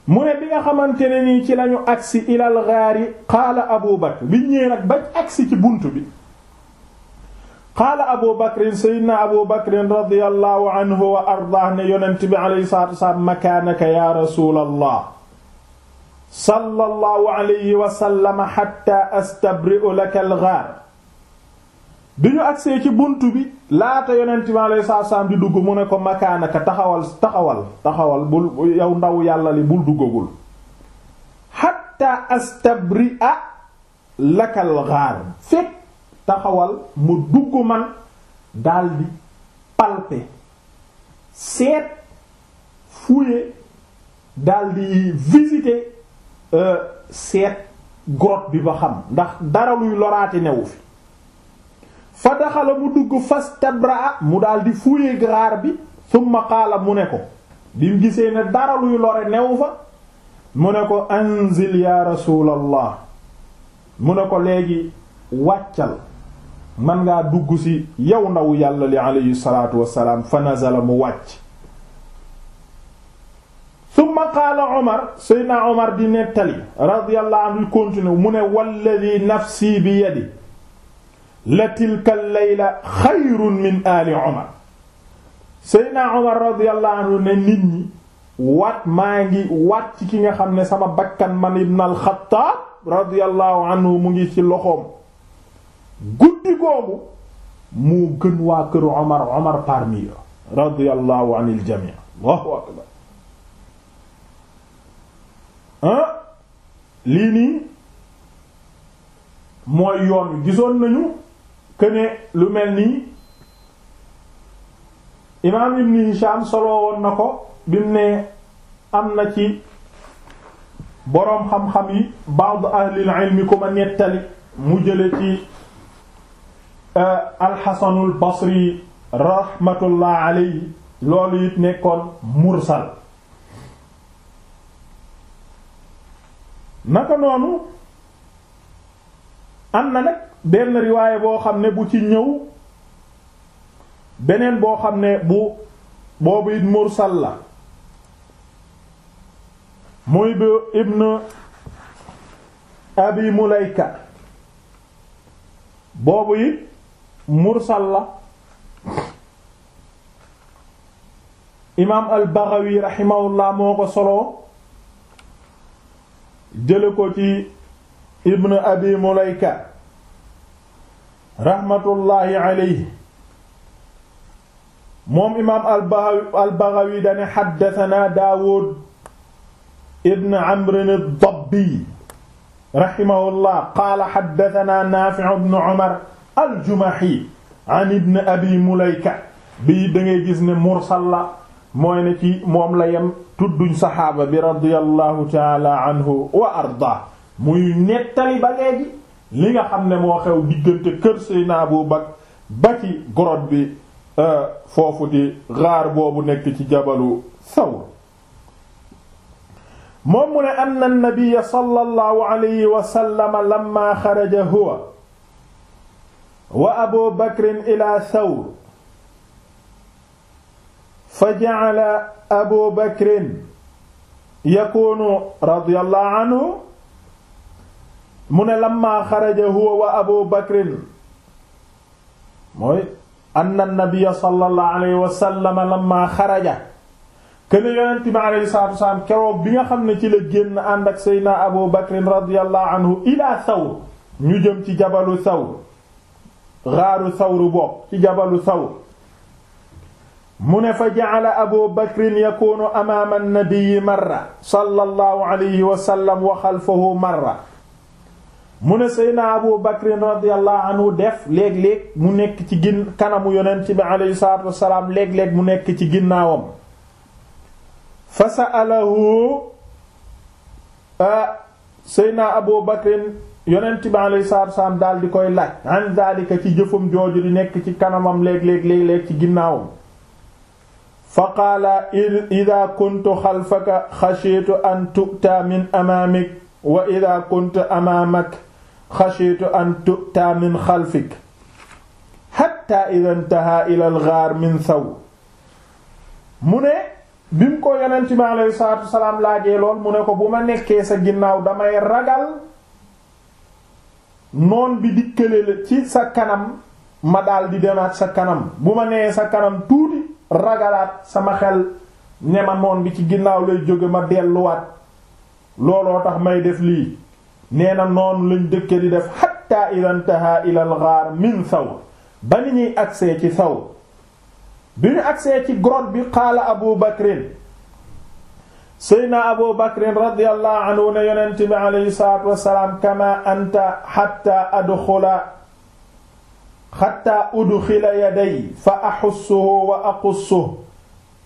mu ne bi nga xamante ne nii ci lañu agsi ilal gaari qaala abu bakr bi ñëwee nag bañ agsi ci bunt bi qaala abu bakrin seydina abu bakrin radiallahu anhu wa ardaah ne yonent bi alayhi salaatu wasalaam makaanaka yaa rasuulallah sallallahu alayhi wa sallam hatta astabri'u laka al gaar bi ñu agsee ci bunt bi laata yonent bi alayhi salaam di dugg mu ne ko makaanaka taxawal taxawal taxawal bul yow ndaw yàlla li bul duggagul hatta astabri'a lakal ghaar fekk taxawal mu dugg man daldi palper seet fouiller daldi visiter euh, seet grotte bi ba xam ndax dara luy loraati newu fi fa daxala mu dugg fastabraa mu daal di fuye gaar bi summa qaala mu ne ko bi gisee ne dara luy lore new fa mu ne ko anzil ya rasulallah mu ne ko léegi wàccal man ngaa dugg ci yow ndaw yàlla li aleyhi salatu wasalaam fa nazala mu wàcc summa qaala omar seydna omar di nettali radiyallahu anhu continue mu ne walladi nafsi bi yadi la tilka layla xayrun min ali omar seydna omar radiyallahu anhu ne nit ñi waat maa ngi waat ci ki nga xam ne sama bakkan man ibn alxataab radiyallahu anhu mu ngi ci loxoom guddi googu moo gën waa kër omar omar parmi radiyallahu anil jami allahu akbar lii nii mooy yoon gisoon nañu que lu mel ni imaam ibn Hisham soloo woon na ko bim ne am na ci boroom xam-xam yi ba'd ahlil ilmi ku ma nettali mu jële ci euh, alxasanul basri rahmatullah alayhi loolu it nekkoon mursal naka noonu am na nag benn riwaaya boo xam ne bu ci ñëw beneen boo xam ne bu boobu it mursal la muy bi ibn la imaam al-Baghawi rahimahullah moo ko solo jële ko ci ibn abi mulayka raxmatullaahi alayhi moom imaam al-Baghawi dane xaddatanaa Daawud ibn Amr ad-Dabbi raximahullah qaala xaddatanaa Naafi' ibn Umar al-Jumahi an ibn Abi Mulayka bii da ngay gis ne mursal la mooy ne ci moom la yem tudduñ saxaaba bi radiyallahu taala anhu wa arda muy nettali ba léegi li nga xam ne moo xew diggante kër Seydina Abu Bakr ba ci gorod bi euh, foofu di xaar boobu nekk ci jabalu Sawr moom mu ne anna nabiyya sallallahu alayhi wa sallam lamma xaraja huwa wa Abu Bakrin ila Sawr fa ja'ala Abu Bakrin yakunu radiyallahu anhu mu ne lamma xaraja huwa wa abu bakrin mooy anna nabiyya sallallahu alayhi wa sallam lamma xaraja kene yonent bi alayhi salaatu wa salaam keroog bi nga xam ne ci la génn ànd ak seydna abu bakrin radiyallahu anhu ila thawr ñu jëm ci jabalu thawr gaaru thawr bopp ci jabalu thawr mu ne fa ja'ala abu bakrin yakunu amaama an-nabiyyi marra sallallahu alayhi wa sallam wa xalfahu marra mu ne Seydina Abu Bakr radiyallahu anhu def léeg-léeg mu nekk ci gin kanamu yonent bi alayhi salaatu wassalaam léeg-léeg mu nekk ci ginnaawam fa sa'alahu ah, Seydina Abu Bakr yonent bi alayhi salaatu wassalaam daal di koy laaj an zalika ci jëfum jooju di nekk ci kanamam léeg-léeg léeg-léeg ci ginnaawam fa qaala ida kuntu xalfaka xashiitu an tu'ta min amaamik wa ida kuntu amaamak xashiitu an tu'ta min xalfik xatta ida ntaha ila algaar min saw mu ne bi mu ko yonent bi aleyhi salaatu salaam laajee lool mu ne ko bu ma nekkee sa ginnaaw damay ragal noon bi dikkale la ci sa kanam ma daal di demaat sa kanam bu ma nee sa kanam tuuti ragalaat sama xel ne ma noon bi ci ginnaaw lay jóge ma delluwaat looloo tax may def lii nee na noonu lañ dëkke di def xatta ida ntaha ila al ghaar min Thawr ba ni ñuy agsee ci Thawr bi ñu agsee ci grotte bi qaala Abu Bakrin Seydina Abu Bakrin radiyallahu anhu ne yonent bi alayhi salaatu wassalaam kama anta xatta adxula xatta udxila yaday fa axussuhu wa aqussuhu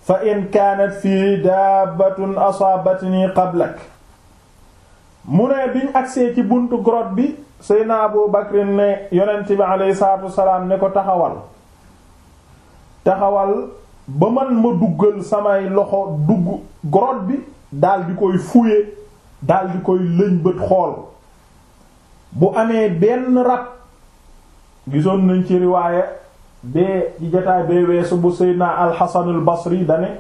fa in kaanat fiihi daabbatun asaabatnii qablak mu ne biñ agsee ci buntu grotte bi Seydina Abu Bakr ne yonent bi aleyhi salaatu ne ko taxawal taxawal ba man ma duggal samay loxo dugg grotte bi daldi koy fouiller daldi koy lëñbët xool bu amee benn rab gisoon nañ ci riwaaya bee ci jotaay bee weesu bu Seydina al basri dane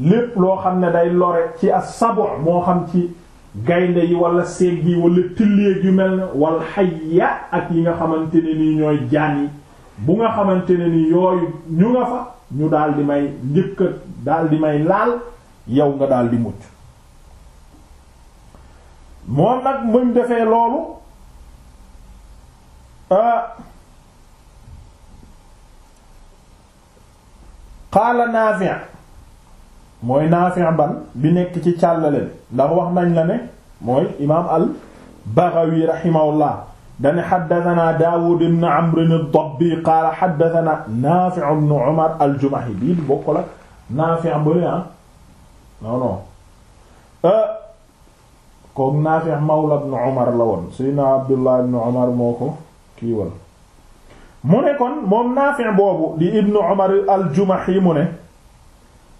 lépp loo xam ne day lore ci as-sabu moo xam ci gaynde yi wala seeg yi wala tilleeg yu mel na wal xayya ak yi nga xamante ne nii ñooy jaan yi bu nga xamante ne ni yooyu ñu nga fa ñu daal di may njëkk daal di may laal yow nga daal di mucc moom nag muñ defee loolu ah, qaala Naafi' mooy Naafi' ban bi nekk ci càllale ndax wax nañ la ne mooy imaam al-Baghawi rahimahullah dane xaddatanaa Daawud ibn Amr ad-Dabbi qaala xaddatanaa Naafi' ibn Umar al-Jumahi bii bokkul ak Naafi' bu ah non non euh, kooku Naafi' mawla ibn Umar la woon Seydina Abdullah ibn Umar moo ko kii woon mu ne kon moom Naafi' boobu di ibn Umar al-Jumahi mu ne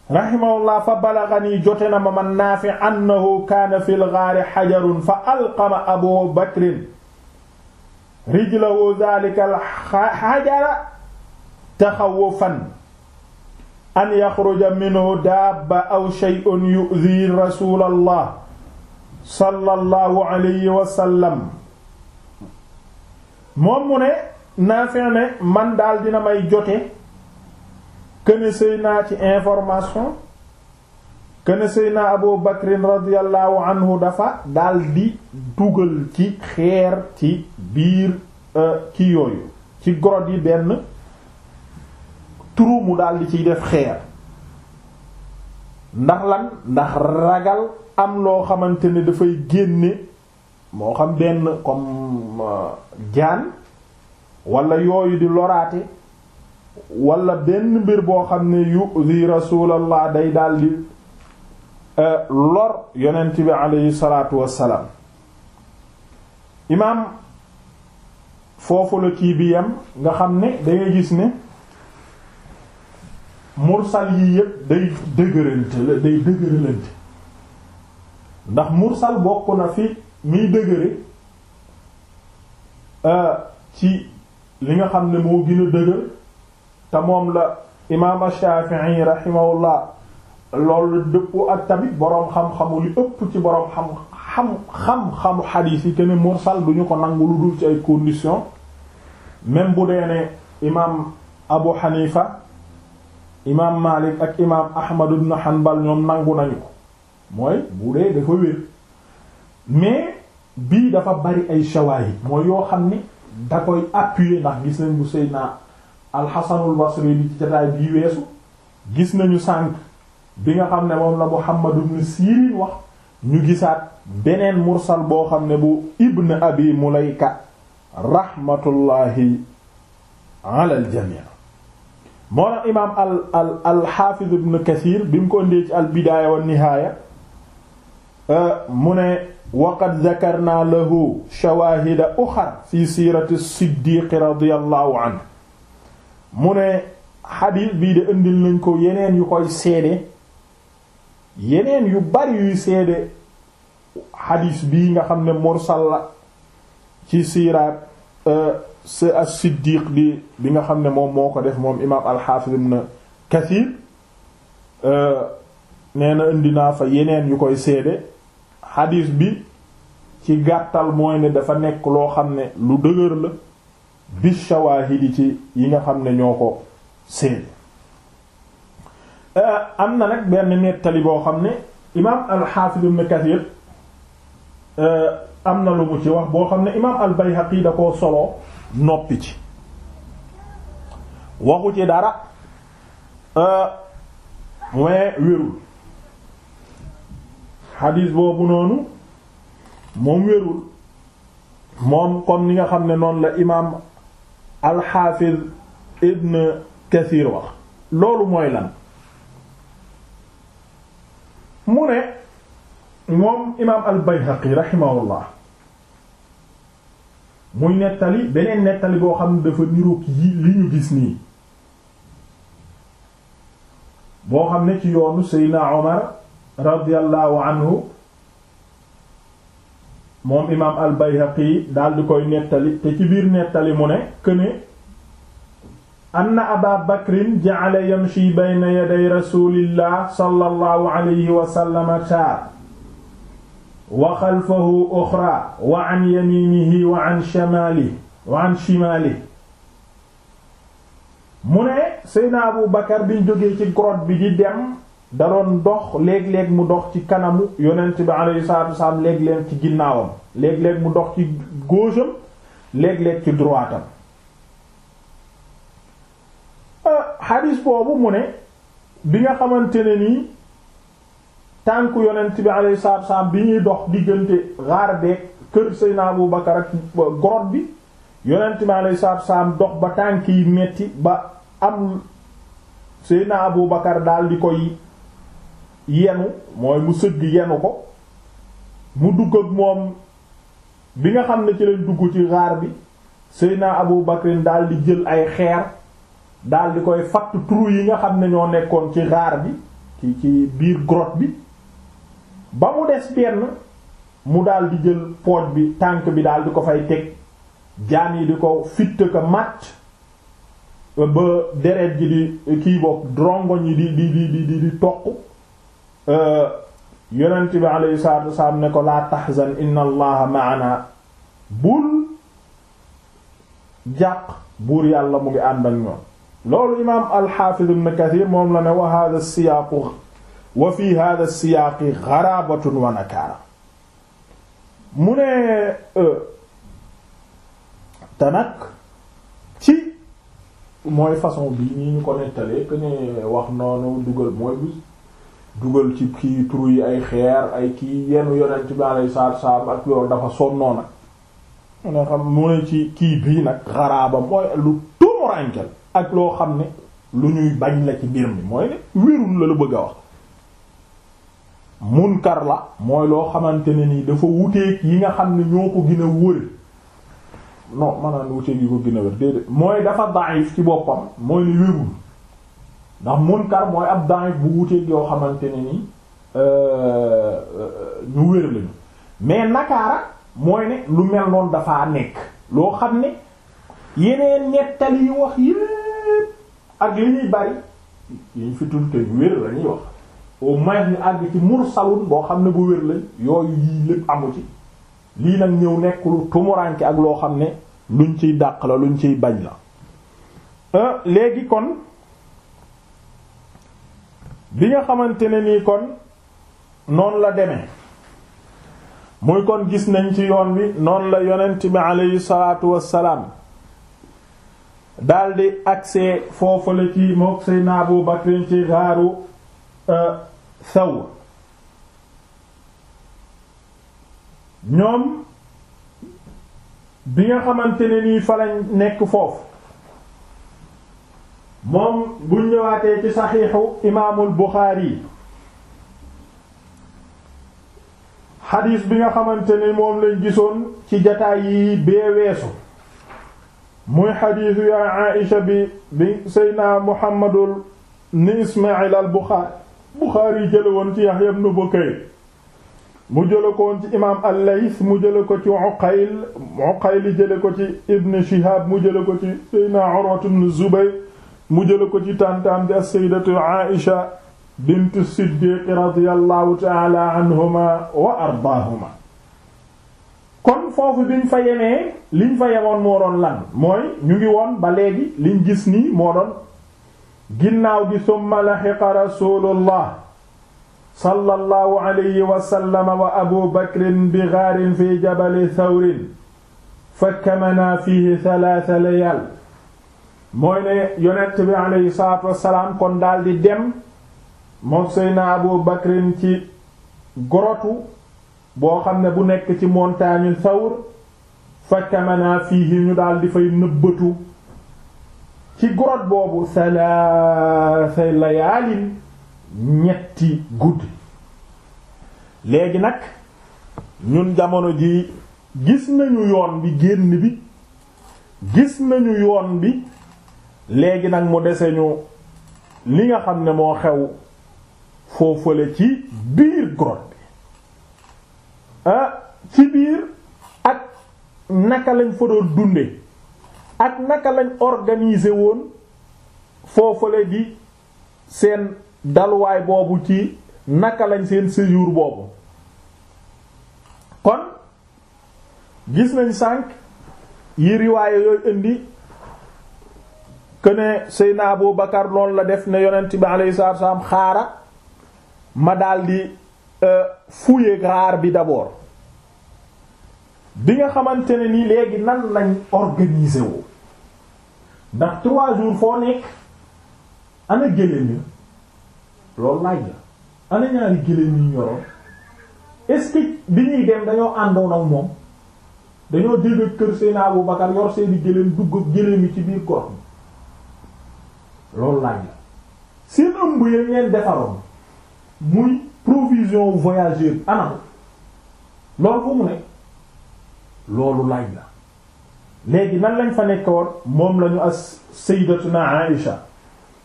rahimahullah fa balagani jote na ma man naafi annahu kaana fil gaari xajarun fa alqama abu bakrin rijlahu zaalika al xajara taxawufan an yaxruja minhu daabba aw shay'un yu'dhi rasuulallah sallallahu alayhi wa sallam moom mu ne naafi ne man daal dina may jote këne naa ci information këne sëy naa Abu Bakrin radiyallahu anhu dafa daldi dugal ci xeer ci biir ci euh, yooyu ci grotte yi benn trou mu daldi ciy def xeer ndax lan ndax ragal am loo xamante ni dafay génne moo xam benn comme euh, jaan walla yooyu di loraate wala benn mbir boo xam ne yu'zi rasulallah day daldi e, lor yonent bi aleyhi salaatu wassalaam imaam foofu la kii bi yem nga xam ne danga gis ne mursal yi yépp day dëgërante day dëgëralante ndax mursal bokk na fi muy dëgëre e, ci li nga xam ne moo gën a dëgër te moom la imaam Shaafi'i rahimahullah loolu dëppoo ak tamit boroom xam-xamu li ëpp ci boroom xam xam xam-xamu xadiis yi kenn mursal du ñu ko nangu lu dul ci ay conditions même bu dee ne imaam Abu Hanifa imaam Malik ak imaam Ahmad ibn Hanbal ñoom nangu nañu ko mooy bu dee dafa wér mais bii dafa bari ay shawaahid mooy yoo xam ni da koy appuyer ndax gis nañ bu Seydina alxasanul basri bi ci jotaay bii weesu gis nañu sànq bi nga xam ne moom la muhammad ibn sirin wax ñu gisaat beneen mursal boo xam ne bu ibn abi mulayka rahmatullahi ala jamii moo tax imaam al al alxaafiz ibn kathir bi mu ko ndee ci al bidaaya wa nihaaya euh, mu ne waqad dakarna lahu shawahida uxar fi siirati siddiqi radiallahu anhu mu ne xadiis bii de indi nañ ko yeneen yu koy seede yeneen yu bari yuy seede xadiis bii nga xam ne mursal la ci siiraat euh, sa as-Siddiq bi nga xam ne moom moo ko def moom imaam al-Hafiz ibn Kathir euh, nee na indi naa fa yeneen yu koy seede xadiis bi ci gàttal mooy ne dafa nekk loo xam ne lu dëgër la bi shawaahidi ci yi nga xam ne ñoo ko seede euh, am na nag benn nettali boo xam ne imaam al-Hafiz Ibn euh, am na lu mu ci wax boo xam ne imaam al-Bayhaqi koo solo noppi ci waxu ci dara euh, mais wérul xadiis boobu noonu moom wérul moom comme ni nga xam ne noonu la imaam alxaafiz ibn Kathir wax loolu mooy lan mu ne moom imaam al-Bayhaqi rahimahullah muy nettali beneen nettali boo xam ne dafa niroog yi li ñu gis nii boo xam ne ci yoonu Seydina Omar radiyallahu anhu moom imaam al-Bayhaqi daal koy nettali te ci biir nettali mu ne këne anna aba bakrin ja'ala yamshi bayna yaday rasulillah sallallahu alayhi wa sallam taar wa xalfahu uxra wa an yaminihi wa an shimalihi mu ne Seydina Abu Bakar biñ jógee ci grotte bi di dem da doon dox léeg-léeg mu dox ci kanamu yonent bi alayhi salaatu wasalaam léeg-léeg ci ginnaawam léeg-léeg mu dox ci gauche am léeg ci droite am xadis euh, boobu mu ne bi nga xamante ne tànk yonent bi alayhi salaatu wasalaam bi ñuy dox diggante xaar beeg kër Seydina Abu Bakar ak grotte bi yonent bi alayhi salaatu wasalaam dox ba tànk yi metti ba am Seydina Abu Bakar daal di koy yenu mooy mu sëgg yenu ko mu dugg moom bi nga xam ne ci lañ dugg ci xaar bi naa Abu Bakrin daal di jël ay xeer daal di koy fatt trou yi nga xam ne ñoo nekkoon ci xaar bi ci ci biir grotte bi ba mu des benn mu daal di jël pooj bi tànk bi daal di ko fay teg jaan yi di ko fitt ko matt ba deret ji di kii boog yi di di di toq Euh, yonent bi alayhi salaatu wasalaam ne ko laa tahzan inna allaha ma'ana bul jàq buur yàlla mu ngi ànd ak ñoom loolu imaam al-Hafiz ibn Kathir moom la ne wa hadha as-siyaq wa fi hadha as-siyaq gharabatun wa nakara mu ne te nag ci mooy façon bi nii ñu ko nettalee que ne wax noonu dugal mooy bi dugal ci kii tur yi ay xeer ay kii yenn yonent bi alayhi salaatu salaam ak yow dafa sonnoo nag mu ne ci kii bii nag xaraaba mooy lu tumurànkel ak loo xam ne lu ñuy bañ la ci mbir mi mooy ne wérul la la bëgg a wax munkar la mooy loo xamante ne nii dafa wuteeg yi nga xam ne ñoo ko gën a wër non maanaam wuteeg yi ko gën a wër déedéet mooy dafa daif ci boppam mooy ne wérul ndax munkar mooy ab daif bu wuteeg yoo xamante ne ni euh, euh, ñu wér lañu mais nakaara mooy ne lu mel noonu dafa nekk loo xam ne yeneen nettali yi wax yépp ak li ñuy bari yi ñu fi tudd te wér lañuy wax au moins ñu àgg ci mursalun boo xam ne bu wér lañ yooyu yii lépp amu ci lii nag ñëw nekk lu tumuranke ak loo xam ne luñ ciy dàq la luñ ciy bañ la euh, léegi kon bi nga xamante ne nii kon noonu la deme muy kon gis nañ ci yoon wi noonu la yonent bi aleyhi salaatu wassalaam daldi agsee foofu la ci mook Seydina Abu Bakrin ci gaaru Sawr euh, ñoom bi nga xamante ne nii fa lañ nekk foofu moom buñ ñëwaatee ci saxiixu imaamul Buxaari xadiis bi nga xamante ni moom lañ gisoon ci jataay yi bee weesu muy xadiisu ya Aïsha bi bi Seydina Muhammadul ni Ismaïl al Buxaari Buxaari jële woon ci Yaxya ibnu Bukayr mu jële ko woon imaam al-Layth mu jële ko ci Uqayl Uqayl jële ko ci Ibn Shihab mu jële ko ci Seydina Urwatu ibnu Zubayr mu jële ko ci tàntaam di as-sayyidatu Aisha bint Siddiq radiyallahu ta'ala wa ardaahuma kon foofu biñ fa yemee liñ fa yemoon moo doon lan mooy ñu ngi woon ba léegi liñ gis nii moo doon ginnaaw gi summa laxiqa rasulullah sallallahu alayhi wa sallama wa abu bakrin bi gaarin fi jabali thawrin fakkamanaa fiihi thalaatha layaal mooy ne yonent bi aleyhi salaatu wassalaam kon daldi dem moom Seydina Abu Bakrin ci gorotu boo xam ne bu nekk ci montagne Thawr fakkamana yi ñu daldi fay nëbbatu ci gorot boobu salaasa layaalin ñetti guddi léegi nag ñun jamono ji gis nañu yoon bi génn bi gis nañu yoon bi léegi nag mu dese ñu li nga xam ne moo xew foofale ci biir grotte bi ah ci biir ak naka lañ fa doon dunde ak naka lañ organiser woon foofale gi seen dalwaay boobu ci naka lañ seen séjour boobu kon gis nañ sànq yi riwaaye yooyu indi que ne Seyna Abu Bakar lool la def ne yonent bi alayhi salaatu wa salaam ma daldi euh, fouiller gar bi d'abord bi nga xamante ne nii léegi nan lañ organiser wu ndax trois jours foo nekk ana géléem yi loolu laaj la ana ñaari géléem yi ñu yoroon bi ñuy dem dañoo àndoon ak moom dañoo dégg kër Seyna Abu Bakar yor seeni géléem dugg géléem yi ci biir gox loolu laaj la seen ëmb ya ngeen defaroon muy provision voyageur anam loolu fu léegi nan lañ fa nekkoon moom lañu as sayyidatuna Aïsha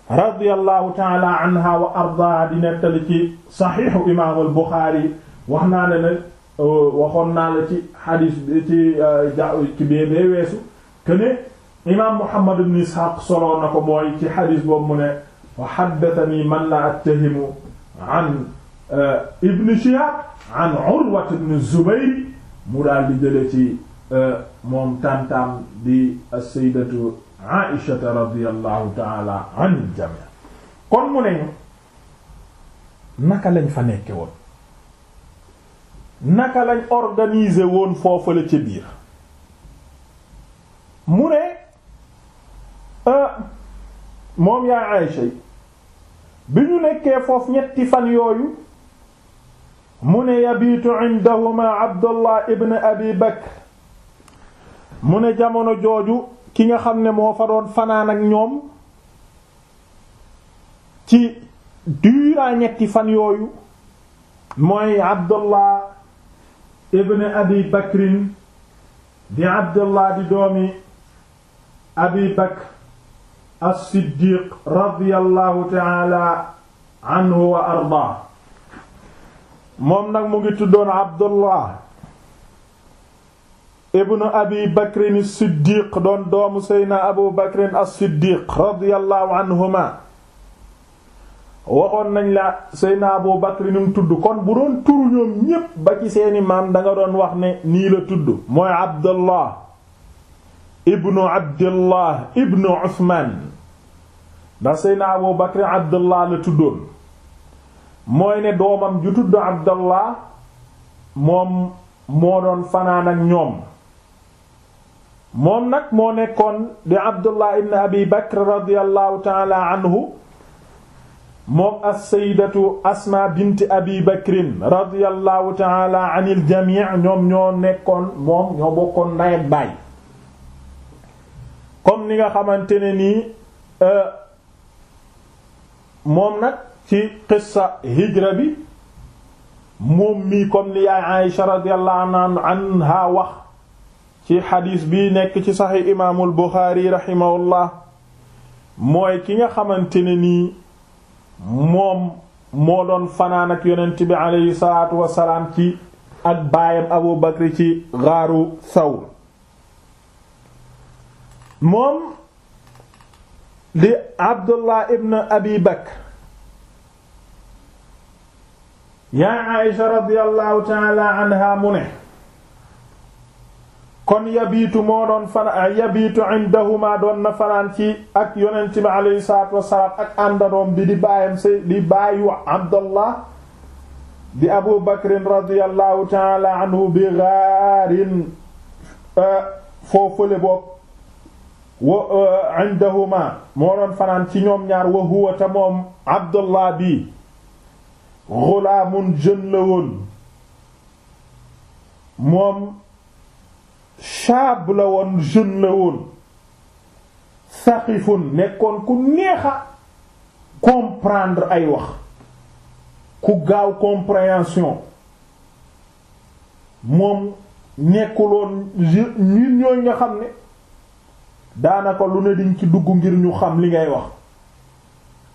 radiyallahu taala anha wa ardaha di nettali ci saxiixu imaam al Buxaari wax naa ne ne euh, waxoon naa la ci xadiis ci euh, ci bee bee weesu imaam Muhammad ibn Isxaaq soloo na ko mooy ci xadiis boobu mu ne wa haddathanii man laa attahimu an eh, Ibn Shihaab an Urwa ibn Zubayr mu daal di jële ci eh, moom tantaam di as-sayyidatu Aisha radiyallahu ta'ala anil jamii' kon mu ne naka lañ fa nekke woon naka lañ organiser woon foofale ca biir mu ne Ah, moom yaa Aysa bi ñu nekkee foofu ñetti fan yooyu mu ne yabiitu indahuma Abdullah ibn Abi Bakr mu ne jamono jooju ki nga xam ne moo fa doon fanaan ak ñoom ci durant ñetti fan yooyu mooy Abdullah ibn Abi Bakrin di Abdullah di doomi Abi Bakr as-Siddiq radiyallahu ta'ala wa ardaa moom nag mu ngi tuddoon Abdullah ibnu abi bakrin as doon doomu Seydina Abu Bakrin as-Siddiq radiyallahu anhuma waxoon nañ la Seydina Abu Bakr ni mu tudd kon bu doon turu ñoom ñépp ba ci seeni maam da doon wax ne nii la tudd mooy Abdullah ibnu Abdullah ibnu Usmaan ndax Seydina Abu Bakr Abdallah la tuddoon mooy ne doomam ju tudd Abdallah moom moo doon fanaan ñoom moom nag moo nekkoon di Abdullah ibn Abi Bakr radiyallahu ta'ala anhu moom as-sayyidatu bint Abi Bakrin radiyallahu ta'ala anil jami' ñoom ñoo nekkoon moom ñoo bokkoon ndey baay comme ni nga xamante ne nii euh, moom nag ci qissa hijra bi moom mii comme ni yaay Aïsha radiyallahu anha wax ci xadiis bi nekk ci saxi imaamul Buxaari raximahullah mooy ki nga xamante ne nii moom moo doon fanaan ak yonent bi aleyhi salaatu wasalaam ci ak baayam Abu Bakr ci gaaru Sawr moom di Abdullah ibn Abi Bakr yaa Aïsha radiyallahu ta'ala anha mu ne kon yabiitu moo doon fana yabiitu indahuma doon na fanaan ci ak yonent bi alayhi salaatu wassalaam ak àndadoom bi di baayam say di baayu Abdullah di Abu Bakr radiyallahu ta'ala anhu bi gaarin euh, foofule bopp wa uh, indahuma moo doon fanaan ci ñoom ñaar wa huwa ta moom abdullah bi xulaamun jeune la woon moom shaab la woon jeune la woon saqifun nekkoon ku neexa comprendre ay wax ku gaaw compréhension moom nekkuloon ñun ñooñ nga xam ne daanaka lu ne diñ ci dugg ngir ñu xam li ngay wax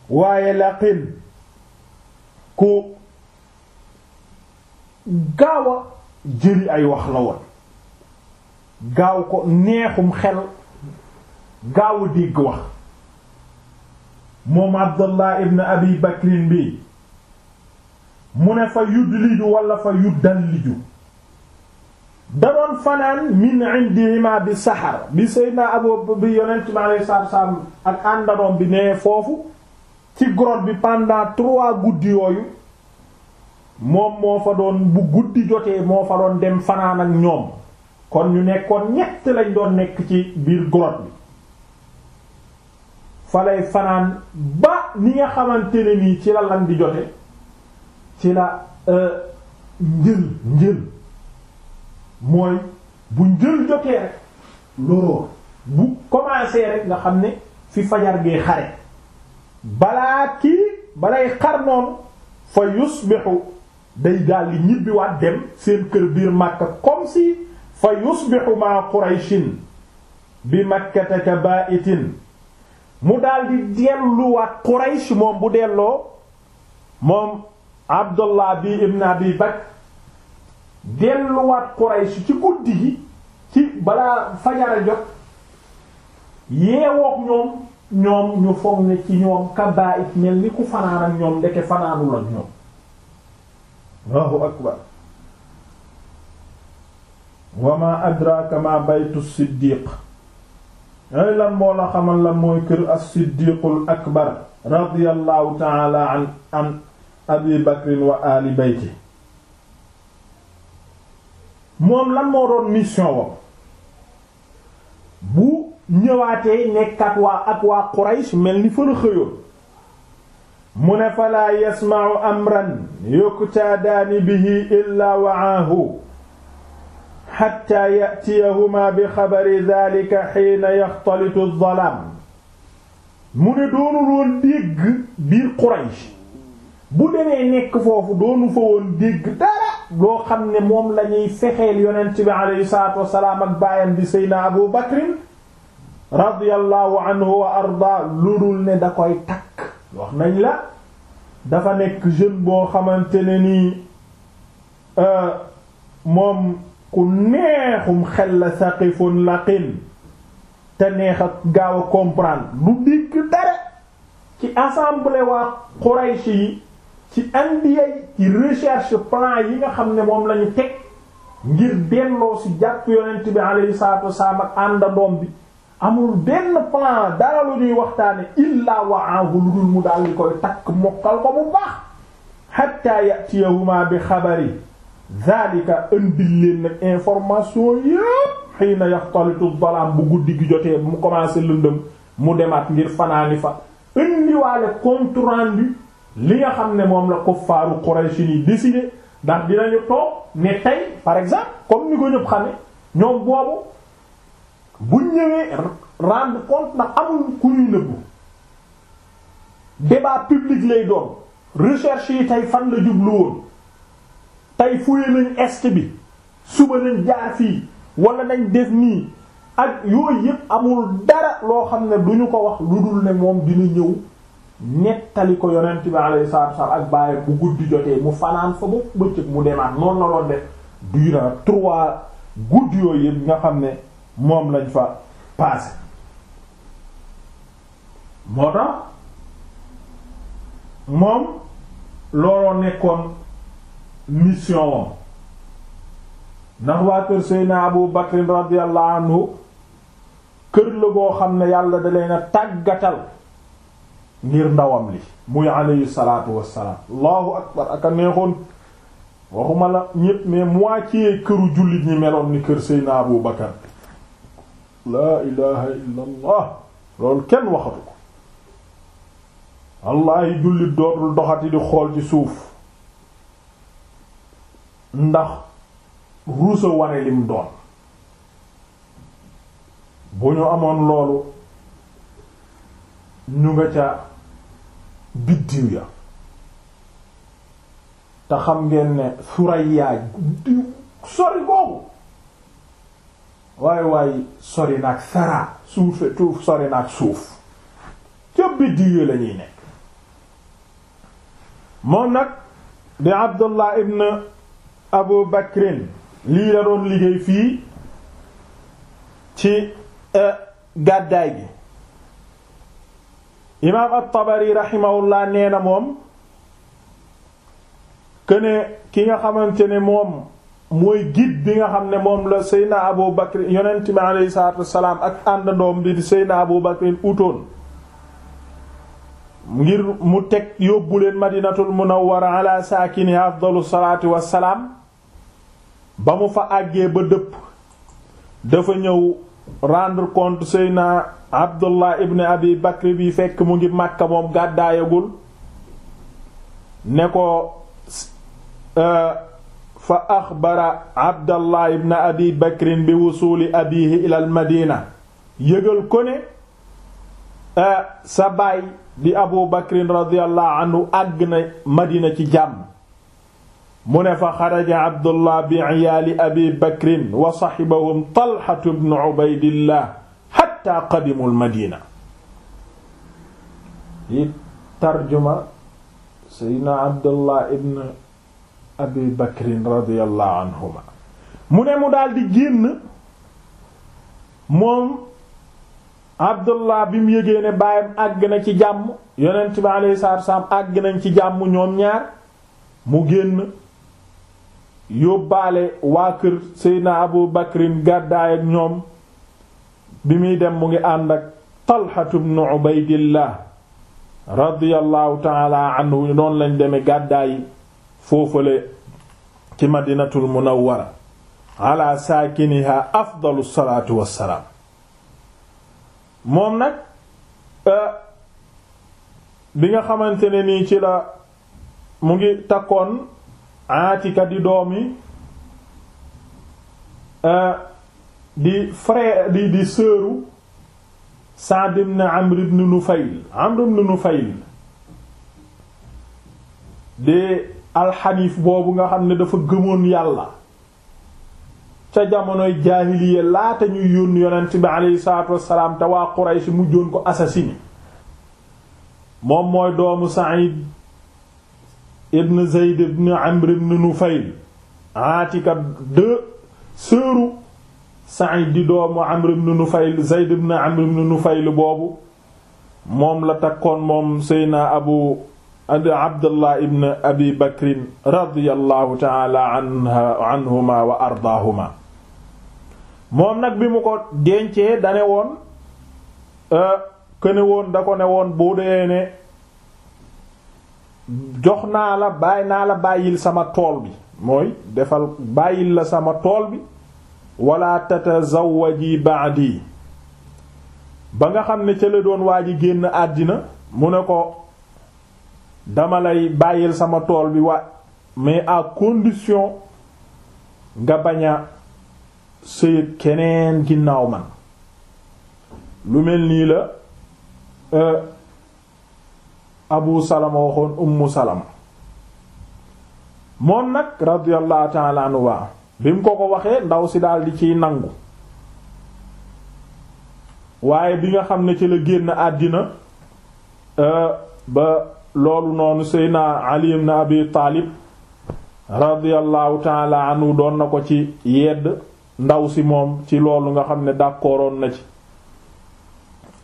waaye laqin ku gaaw a ay wax la woon gaaw ko neexum xel gaaw a wax moom abdallah ibn abi bakrin bi mu ne fa yudliju wala fa yuddalliju da doon fanaan min indihima bi saxar bi Seydina Abu bi yonent mi alayhi salaatu salaam ak àndandoom bi nee foofu ci grotte bi pendant trois guddi yooyu moom moo fa doon bu guddi jotee moo fa doon dem fanaan ak ñoom kon ñu nekkoon ñett lañ doon nekk ci biir grotte bi fa lay fanaan ba ni nga xamante ne nii ci la lan di jote ci la euh, njël njël mooy bu njël jotee rek loroor bu commencé rek nga xam ne fi fajar gee xare balaa kii balay xar noonu fa yusbihu day daal di ñibbiwaat dem seen kër biir Makka comme si fa yusbihu ma Qurayshin bi Makkata ka ba'itin mu daldi di delluwaat moom bu delloo moom Abdullah bi ibn Abi Bakr delluwaat Quraysh ci guddi gi ci balaa fajara jot yeewook ñoom ñoom ñu foog ne ci ñoom kabaa mel ni ku fanaan ñoom ndeke fanaanul ñoom Allahu akbar wa ma adraka ma baytu siddiq ay lan moo la xamal lan mooy kër as-siddiqul akbar radiyallahu ta'ala an abi bakrin wa ali bayti moom lan moo doon mission wam bu ñëwaatee nekkat waa ak waa Quraysh mel ni fëla xëyoon mu ne falaa yasma'u amran yuqtaadaani bihi illaa wa'aahu xatta ya'tiyahumaa bi xabari daalika xiina yaxtalitu ad-dalaam mu ne doonu woon dégg biir Quraysh bu demee nekk foofu doonu fa woon dégg dara loo xam ne moom lañuy ñuy fexeel yonent bi aleyhi salaatu wasalaam ak baayam bi Seydina Abu Bakrin radiyallahu anhu wa arda lu dul ne da koy takk wax nañ la dafa nekk jeune boo xamante ne nii euh, moom ku neexum xel la saqifun laqin te neex ak gaaw a comprendre lu dikk dara ci assemblée waa Quraysh ci andiya ci recherche plan yi nga xam ne moom la ñu teg ngir delloo si jàpp yonent bi alayhi salatu wassalam ak àndandoom bi amul benn plan dara lu waxtaane illaa waahu lu dul mu daal di koy takk mokkal ko bu baax hatta yatiyahuma bi xabari zalika indil leen nag information yépp xiina yaxtalitu dalaam bu guddi gi jotee bu mu commencé lëndëm mu demaat ngir fanaani fa indiwaale compte li nga xam ne moom la kuffaaru Quraysh ni décidé ndax dinañu toog ne tey par exemple comme ni ko ñëpp xame ñoom boobu bu ñëwee rendre compte ndax amul ku ñuy nëbbu débat public lay doon recherche yi tey fan la jublu woon tey fuye nañ est bi suba nañ jaar fii wala nañ def nii ak yooyu yëpp amul dara loo xam ne du ñu ko wax lu dul ne moom dina ñëw nettali ko yonent bi alayhi salaatu wasallam ak bàyyi bu guddi jotee mu fanaan fa ba bëccëg mu demaat noonu la doon def durant trois guddi yooyu yëpp nga xam ne moom lañ fa passé moo tax moom looloo nekkoon mission wam ndax waa kër Seydina Abu Bakr radiyallahu anhu kër la boo xam ne yàlla da leen a tàggatal ngir ndawam li muy alayhi salaatu wassalaam allahu akbar ak a neexoon waxuma la ñépp mais moitié këru jullit ñi meloon ni kër Seydina Abu Bakar laa ilaha illa loolu kenn waxatu ko wallaahi jullit dootul doxati di xool ci suuf ndax ruusa wane lim doon bu ñu amoon loolu ñu nga ca biddiw ya te xam ngeen ne Surayya diw sori boobu waaye waaye sori naag sara suufe tuuf sori naag suuf ca biddiw ya la nekk moom nag di Abdullah ibn Abu Bakrin lii la doon liggéey fii ci eh, gàddaay gi imaam at-Tabari rahimahullah nee na moom këne ki nga xamante ne moom mooy guide bi nga xam ne moom la Seydina Abu Bakr yonent bi ak àndandoom di Seydina Abu Bakr utoon ngir mu teg yóbbu leen Madinatul Munawwara ala saakini afdalu salaati wassalaam ba mu fa àggee ba dëpp dafa ñëw rendre compte seyna abdullah ibn abi bakr bi fekk mu ngi makka moom gàddaayagul ne ko euh, fa axbara abdallah ibn abi bakrin bi wusuuli abihi ila al madina yëgal ko ne euh, sa baay di abu bakrin radiallahu anhu àgg na madina ci jàmm mu ne fa xaraja abdullah bi iyaali abi bakrin wa saxibahum talxatu bnu ubaydillah xatta qadimu almadina yi tarjuma seydna abdullah ibn abi bakrin radiallahu anhuma mu ne mu daal di génn moom abdullah bi mu yégée ne baayam àgg na ci jàmm yonent bi alayhi salaatu wa salaam àgg nañ ci jàmm ñoom ñaar mu génn yóbbaale waa kër seydna abu bakrin gàddaay ak ñoom bi muy dem mu ngi ànd ak talxatu ibnu ubaydillah radiyallahu taala anhu noonu lañ deme gàddaayi foofale ci madinatul munawwara ala saakiniha afdalu salaatu wassalaam moom nag euh, bi nga xamante ni ci la mu ngi takkoon Atika di doomi euh, di frère di di sœuru Sa'd ibn Amr ibn Nufayl Amr di alxanif boobu nga xam ne dafa gëmoon yàlla ca jamonoy jaahiliya laata ñuy yónni yonent bi aleyhi salaatu wassalaam te waa Quraysh mujjoon ko assassiné moom mooy doomu Sa'id ibn Zayd ibn Amr ibn Nufayl Aatika de sëru Sa'id di doomu Amr ibn Nufayl Zayd ibn Amr ibn Nufayl boobu moom la takkoon moom Seyna Abu Abdullah ibn Abi Bakrin radiyallahu ta'ala anhuma wa ardaahuma moom nag bi mu ko dencee dane woon këne euh, woon da ko ne woon boo dee ne jox naa la bàyyi naa la bàyyil sama tool bi mooy defal bàyyil la sama tool bi wala tatazawwaji ba'di ba nga xam ne ca doon waa ji génn àddina mu ne ko dama lay bàyyil sama tool bi wa mais à condition nga bañ a sëyët keneen ginnaaw man lu mel nii la euh, abu salama waxoon moom nag radiyallahu ta'ala anha bi mu ko ko waxee ndaw si daldi ciy nangu waaye bi nga xam ne ci la génn àddina euh, ba loolu noonu seyna ali ibn abi taalib radiyallahu ta'ala doon na ko ci yedd ndaw si moom ci loolu nga xam ne d'accordoon na ci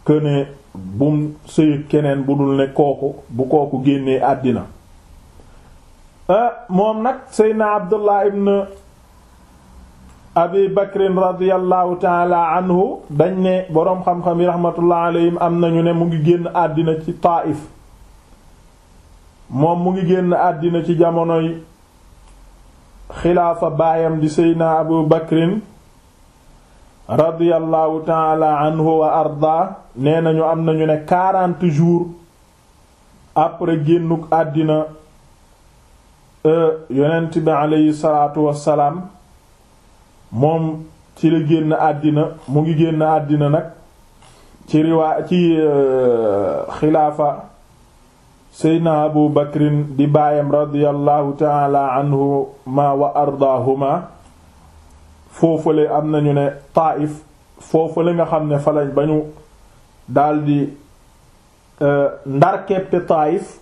que ne bum sëy keneen bu dul ne kooku bu kooku génnee àddina ah, moom nag seydna abdullah ibn abi bakrin radiallahu taala anhu dañ ne boroom xam-xam yi rahmatullah alayhim am nañu ne mu ngi génn àddina ci taaif moom mu ngi génn àddina ci jamonoy xilaafa baayam di seydna abu bakrin radiyallahu taala anhu wa arda nee nañu am nañu ne quarante jours après génnuk àddina euh, yonent bi aleyhi salaatu wassalaam moom ci la génn àddina mu ngi génn àddina nag ci riwaa ci euh, xilaafa seydna abu bakrin di baayam radiyallahu taala anhuma wa ardaahuma foofale am nañu ne Taif foofale nga xam ne falañ ba ñu daldi euh, ndar keppe Taif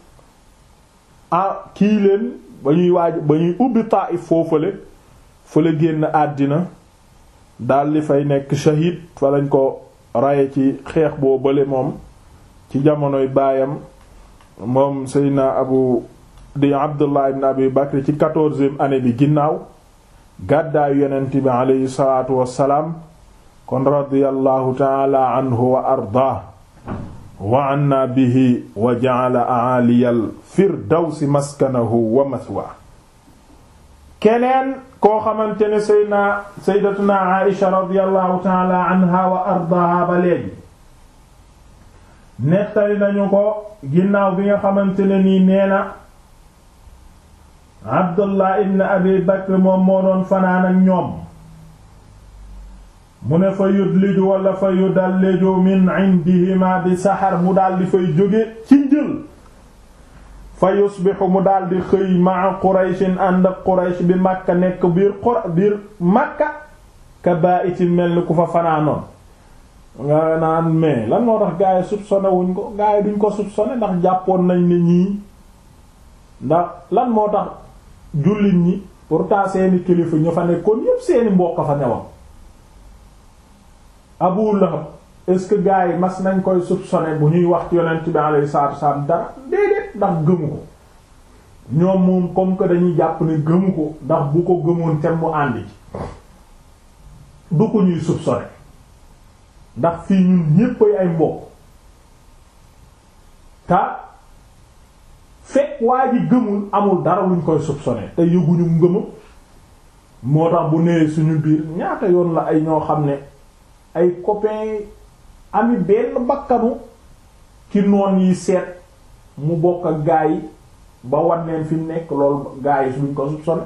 kii leen ba ñuy waaj ba ñuy ubbi Taif foofale fële génn àddina daldi fay nekk shahid fa lañ ko raye ci xeex boo bële moom ci jamonoy baayam moom Seydina Abu di Abdullah ibn Abi Bakr ci quatorzième année bi ginnaaw gàddaayu yonent bi aleyhi salaatu wassalaam kon radiyallahu taala anhu wa arda wa anna bihi wa ja'ala a'aliyal firdawsi maskanahu wa mathwa keneen koo xamante ne saydna saydatuna aisha radiyallahu taala anha wa ardaha ba léegi nettali nañu ko ginnaaw bi nga xamante ne nii nee na abdullah ibn abi moom moo doon fanaan ak ñoom mu ne fa yudliju wala fa yudalliju min indihima bi saxar mu daldi fay jóge ci njël fa yusbixu mu daldi xëy maa qurayshin ànd ak bi makka nekk biir makka ka baa mel ni ku fa fanaanoon nga naan mais lan moo tax gaa yi soupçonné wuñ ko gaa yi duñ ko soupçonné ndax jàppoon nañ ne ñii ndax lan moo tax jullit ñi pourtant seeni kilifa ñu fa nekkoon yépp seeni mbokk fa newoon Abu Lahab est-ce yi mas nañ koy soupçonner bu ñuy wax ci yonent bi alayhi salaatu wasallam dara déedéet ndax gëmu ko ñoom moom comme que dañuy jàpp ne gëmu ko ndax bu ko gëmoon tem mu àndi ci du ko ñuy soupçonner ndax fii ñun ñépp ay mbokk ta fekk waa ji gëmul amul dara luñ koy soupçonné te yëguñu ngëma moo tax bu nee suñu biir ñaata yoon la ay ñoo xam ne ay copains ami benn bakkanu ki noon yi seet mu bokk ak gaa yi ba wanneen fi nekk loolu gaa yi suñ ko soupçonné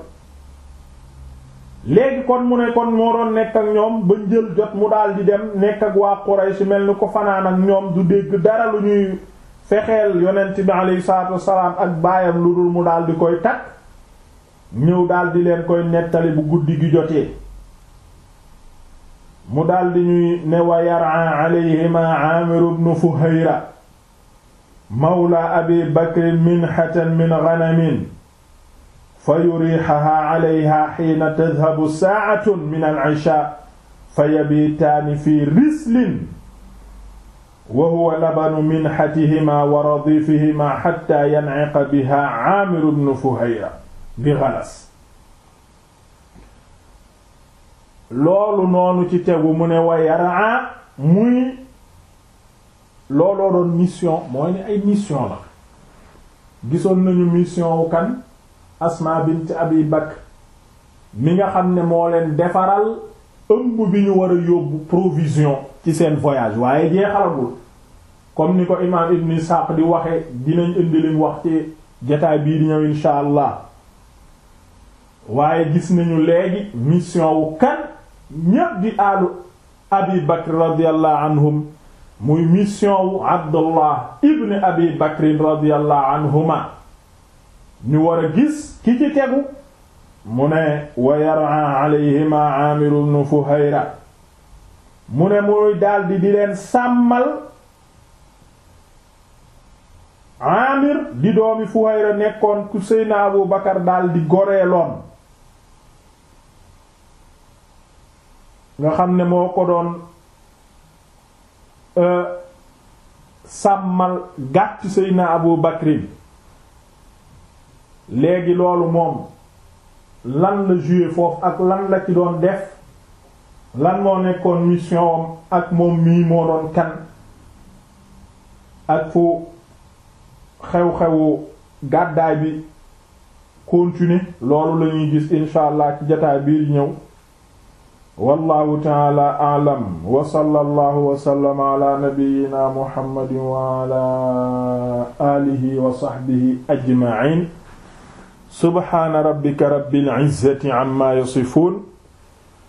léegi kon mu ne kon moo doon nekk ak ñoom ba njël jot mu daal di dem nekk ak waa Quraysh mel ni ko fanaan ak ñoom du dégg dara lu ñuy fexeel yonent bi alayhi salaatu wassalaam ak baayam lu dul mu daal di koy takk ñëw daal di leen koy nettali bu guddi gi jotee mu daal di ñuy ne wa yara alayhima aamiru bnu fuhayra mawla abi bakrin minhatan min ghanamin fa yuriixahaa alayha xiina tadhabu saa'atun min al-'ishaa fa yabitaani fi rislin wa huwa labanu minhatihima wa radifihima hatta yan'iqa biha Aamir ibn Fuhayra bi Ghalas loolu noonu ci tegu mu ne wa yaraa muy looloo doon mission mooy ne ay mission la gisoon nañu mission wu kan Asma bint Abi Bakr mi nga xam ne moo leen defaral ëmb bi ñu war yóbbu provision ci seen voyage waaye jeexalagul comme ni ko imaam Ibn Ishaq di waxe dinañ indi lim wax ci jotaay bii di ñëw insha allah waaye gis nañu léegi mission wu kan ñépp di aalu abi radiallahu anhum muy mission wu abdullah ibn abi radiallahu anhuma ñu war a gis ki ci tegu mu ne wa yara alayhima aamiru ibn fuhayra mu ne muy daldi di leen sàmmal Amir di doomi Fuhayra nekkoon ku Seyna Abu Bakar daldi goreeloon nga xam ne moo ko doon euh, sàmmal gàtt Seyna Abu Bakrin léegi loolu moom lan la joué foofu ak lan la ci doon def lan moo nekkoon mission ak moom mii moo doon kan ak fu xew-xewu gàddaay bi continuer loolu la ñuy gis incha allah ci jataay biir ñëw wallahu taala aalam wa sallallahu wa sallama ala nabiyyina muhammadin wa ala alihi wa sahbihi ajma'in subhana rabbika rabbil izzati amma yasifun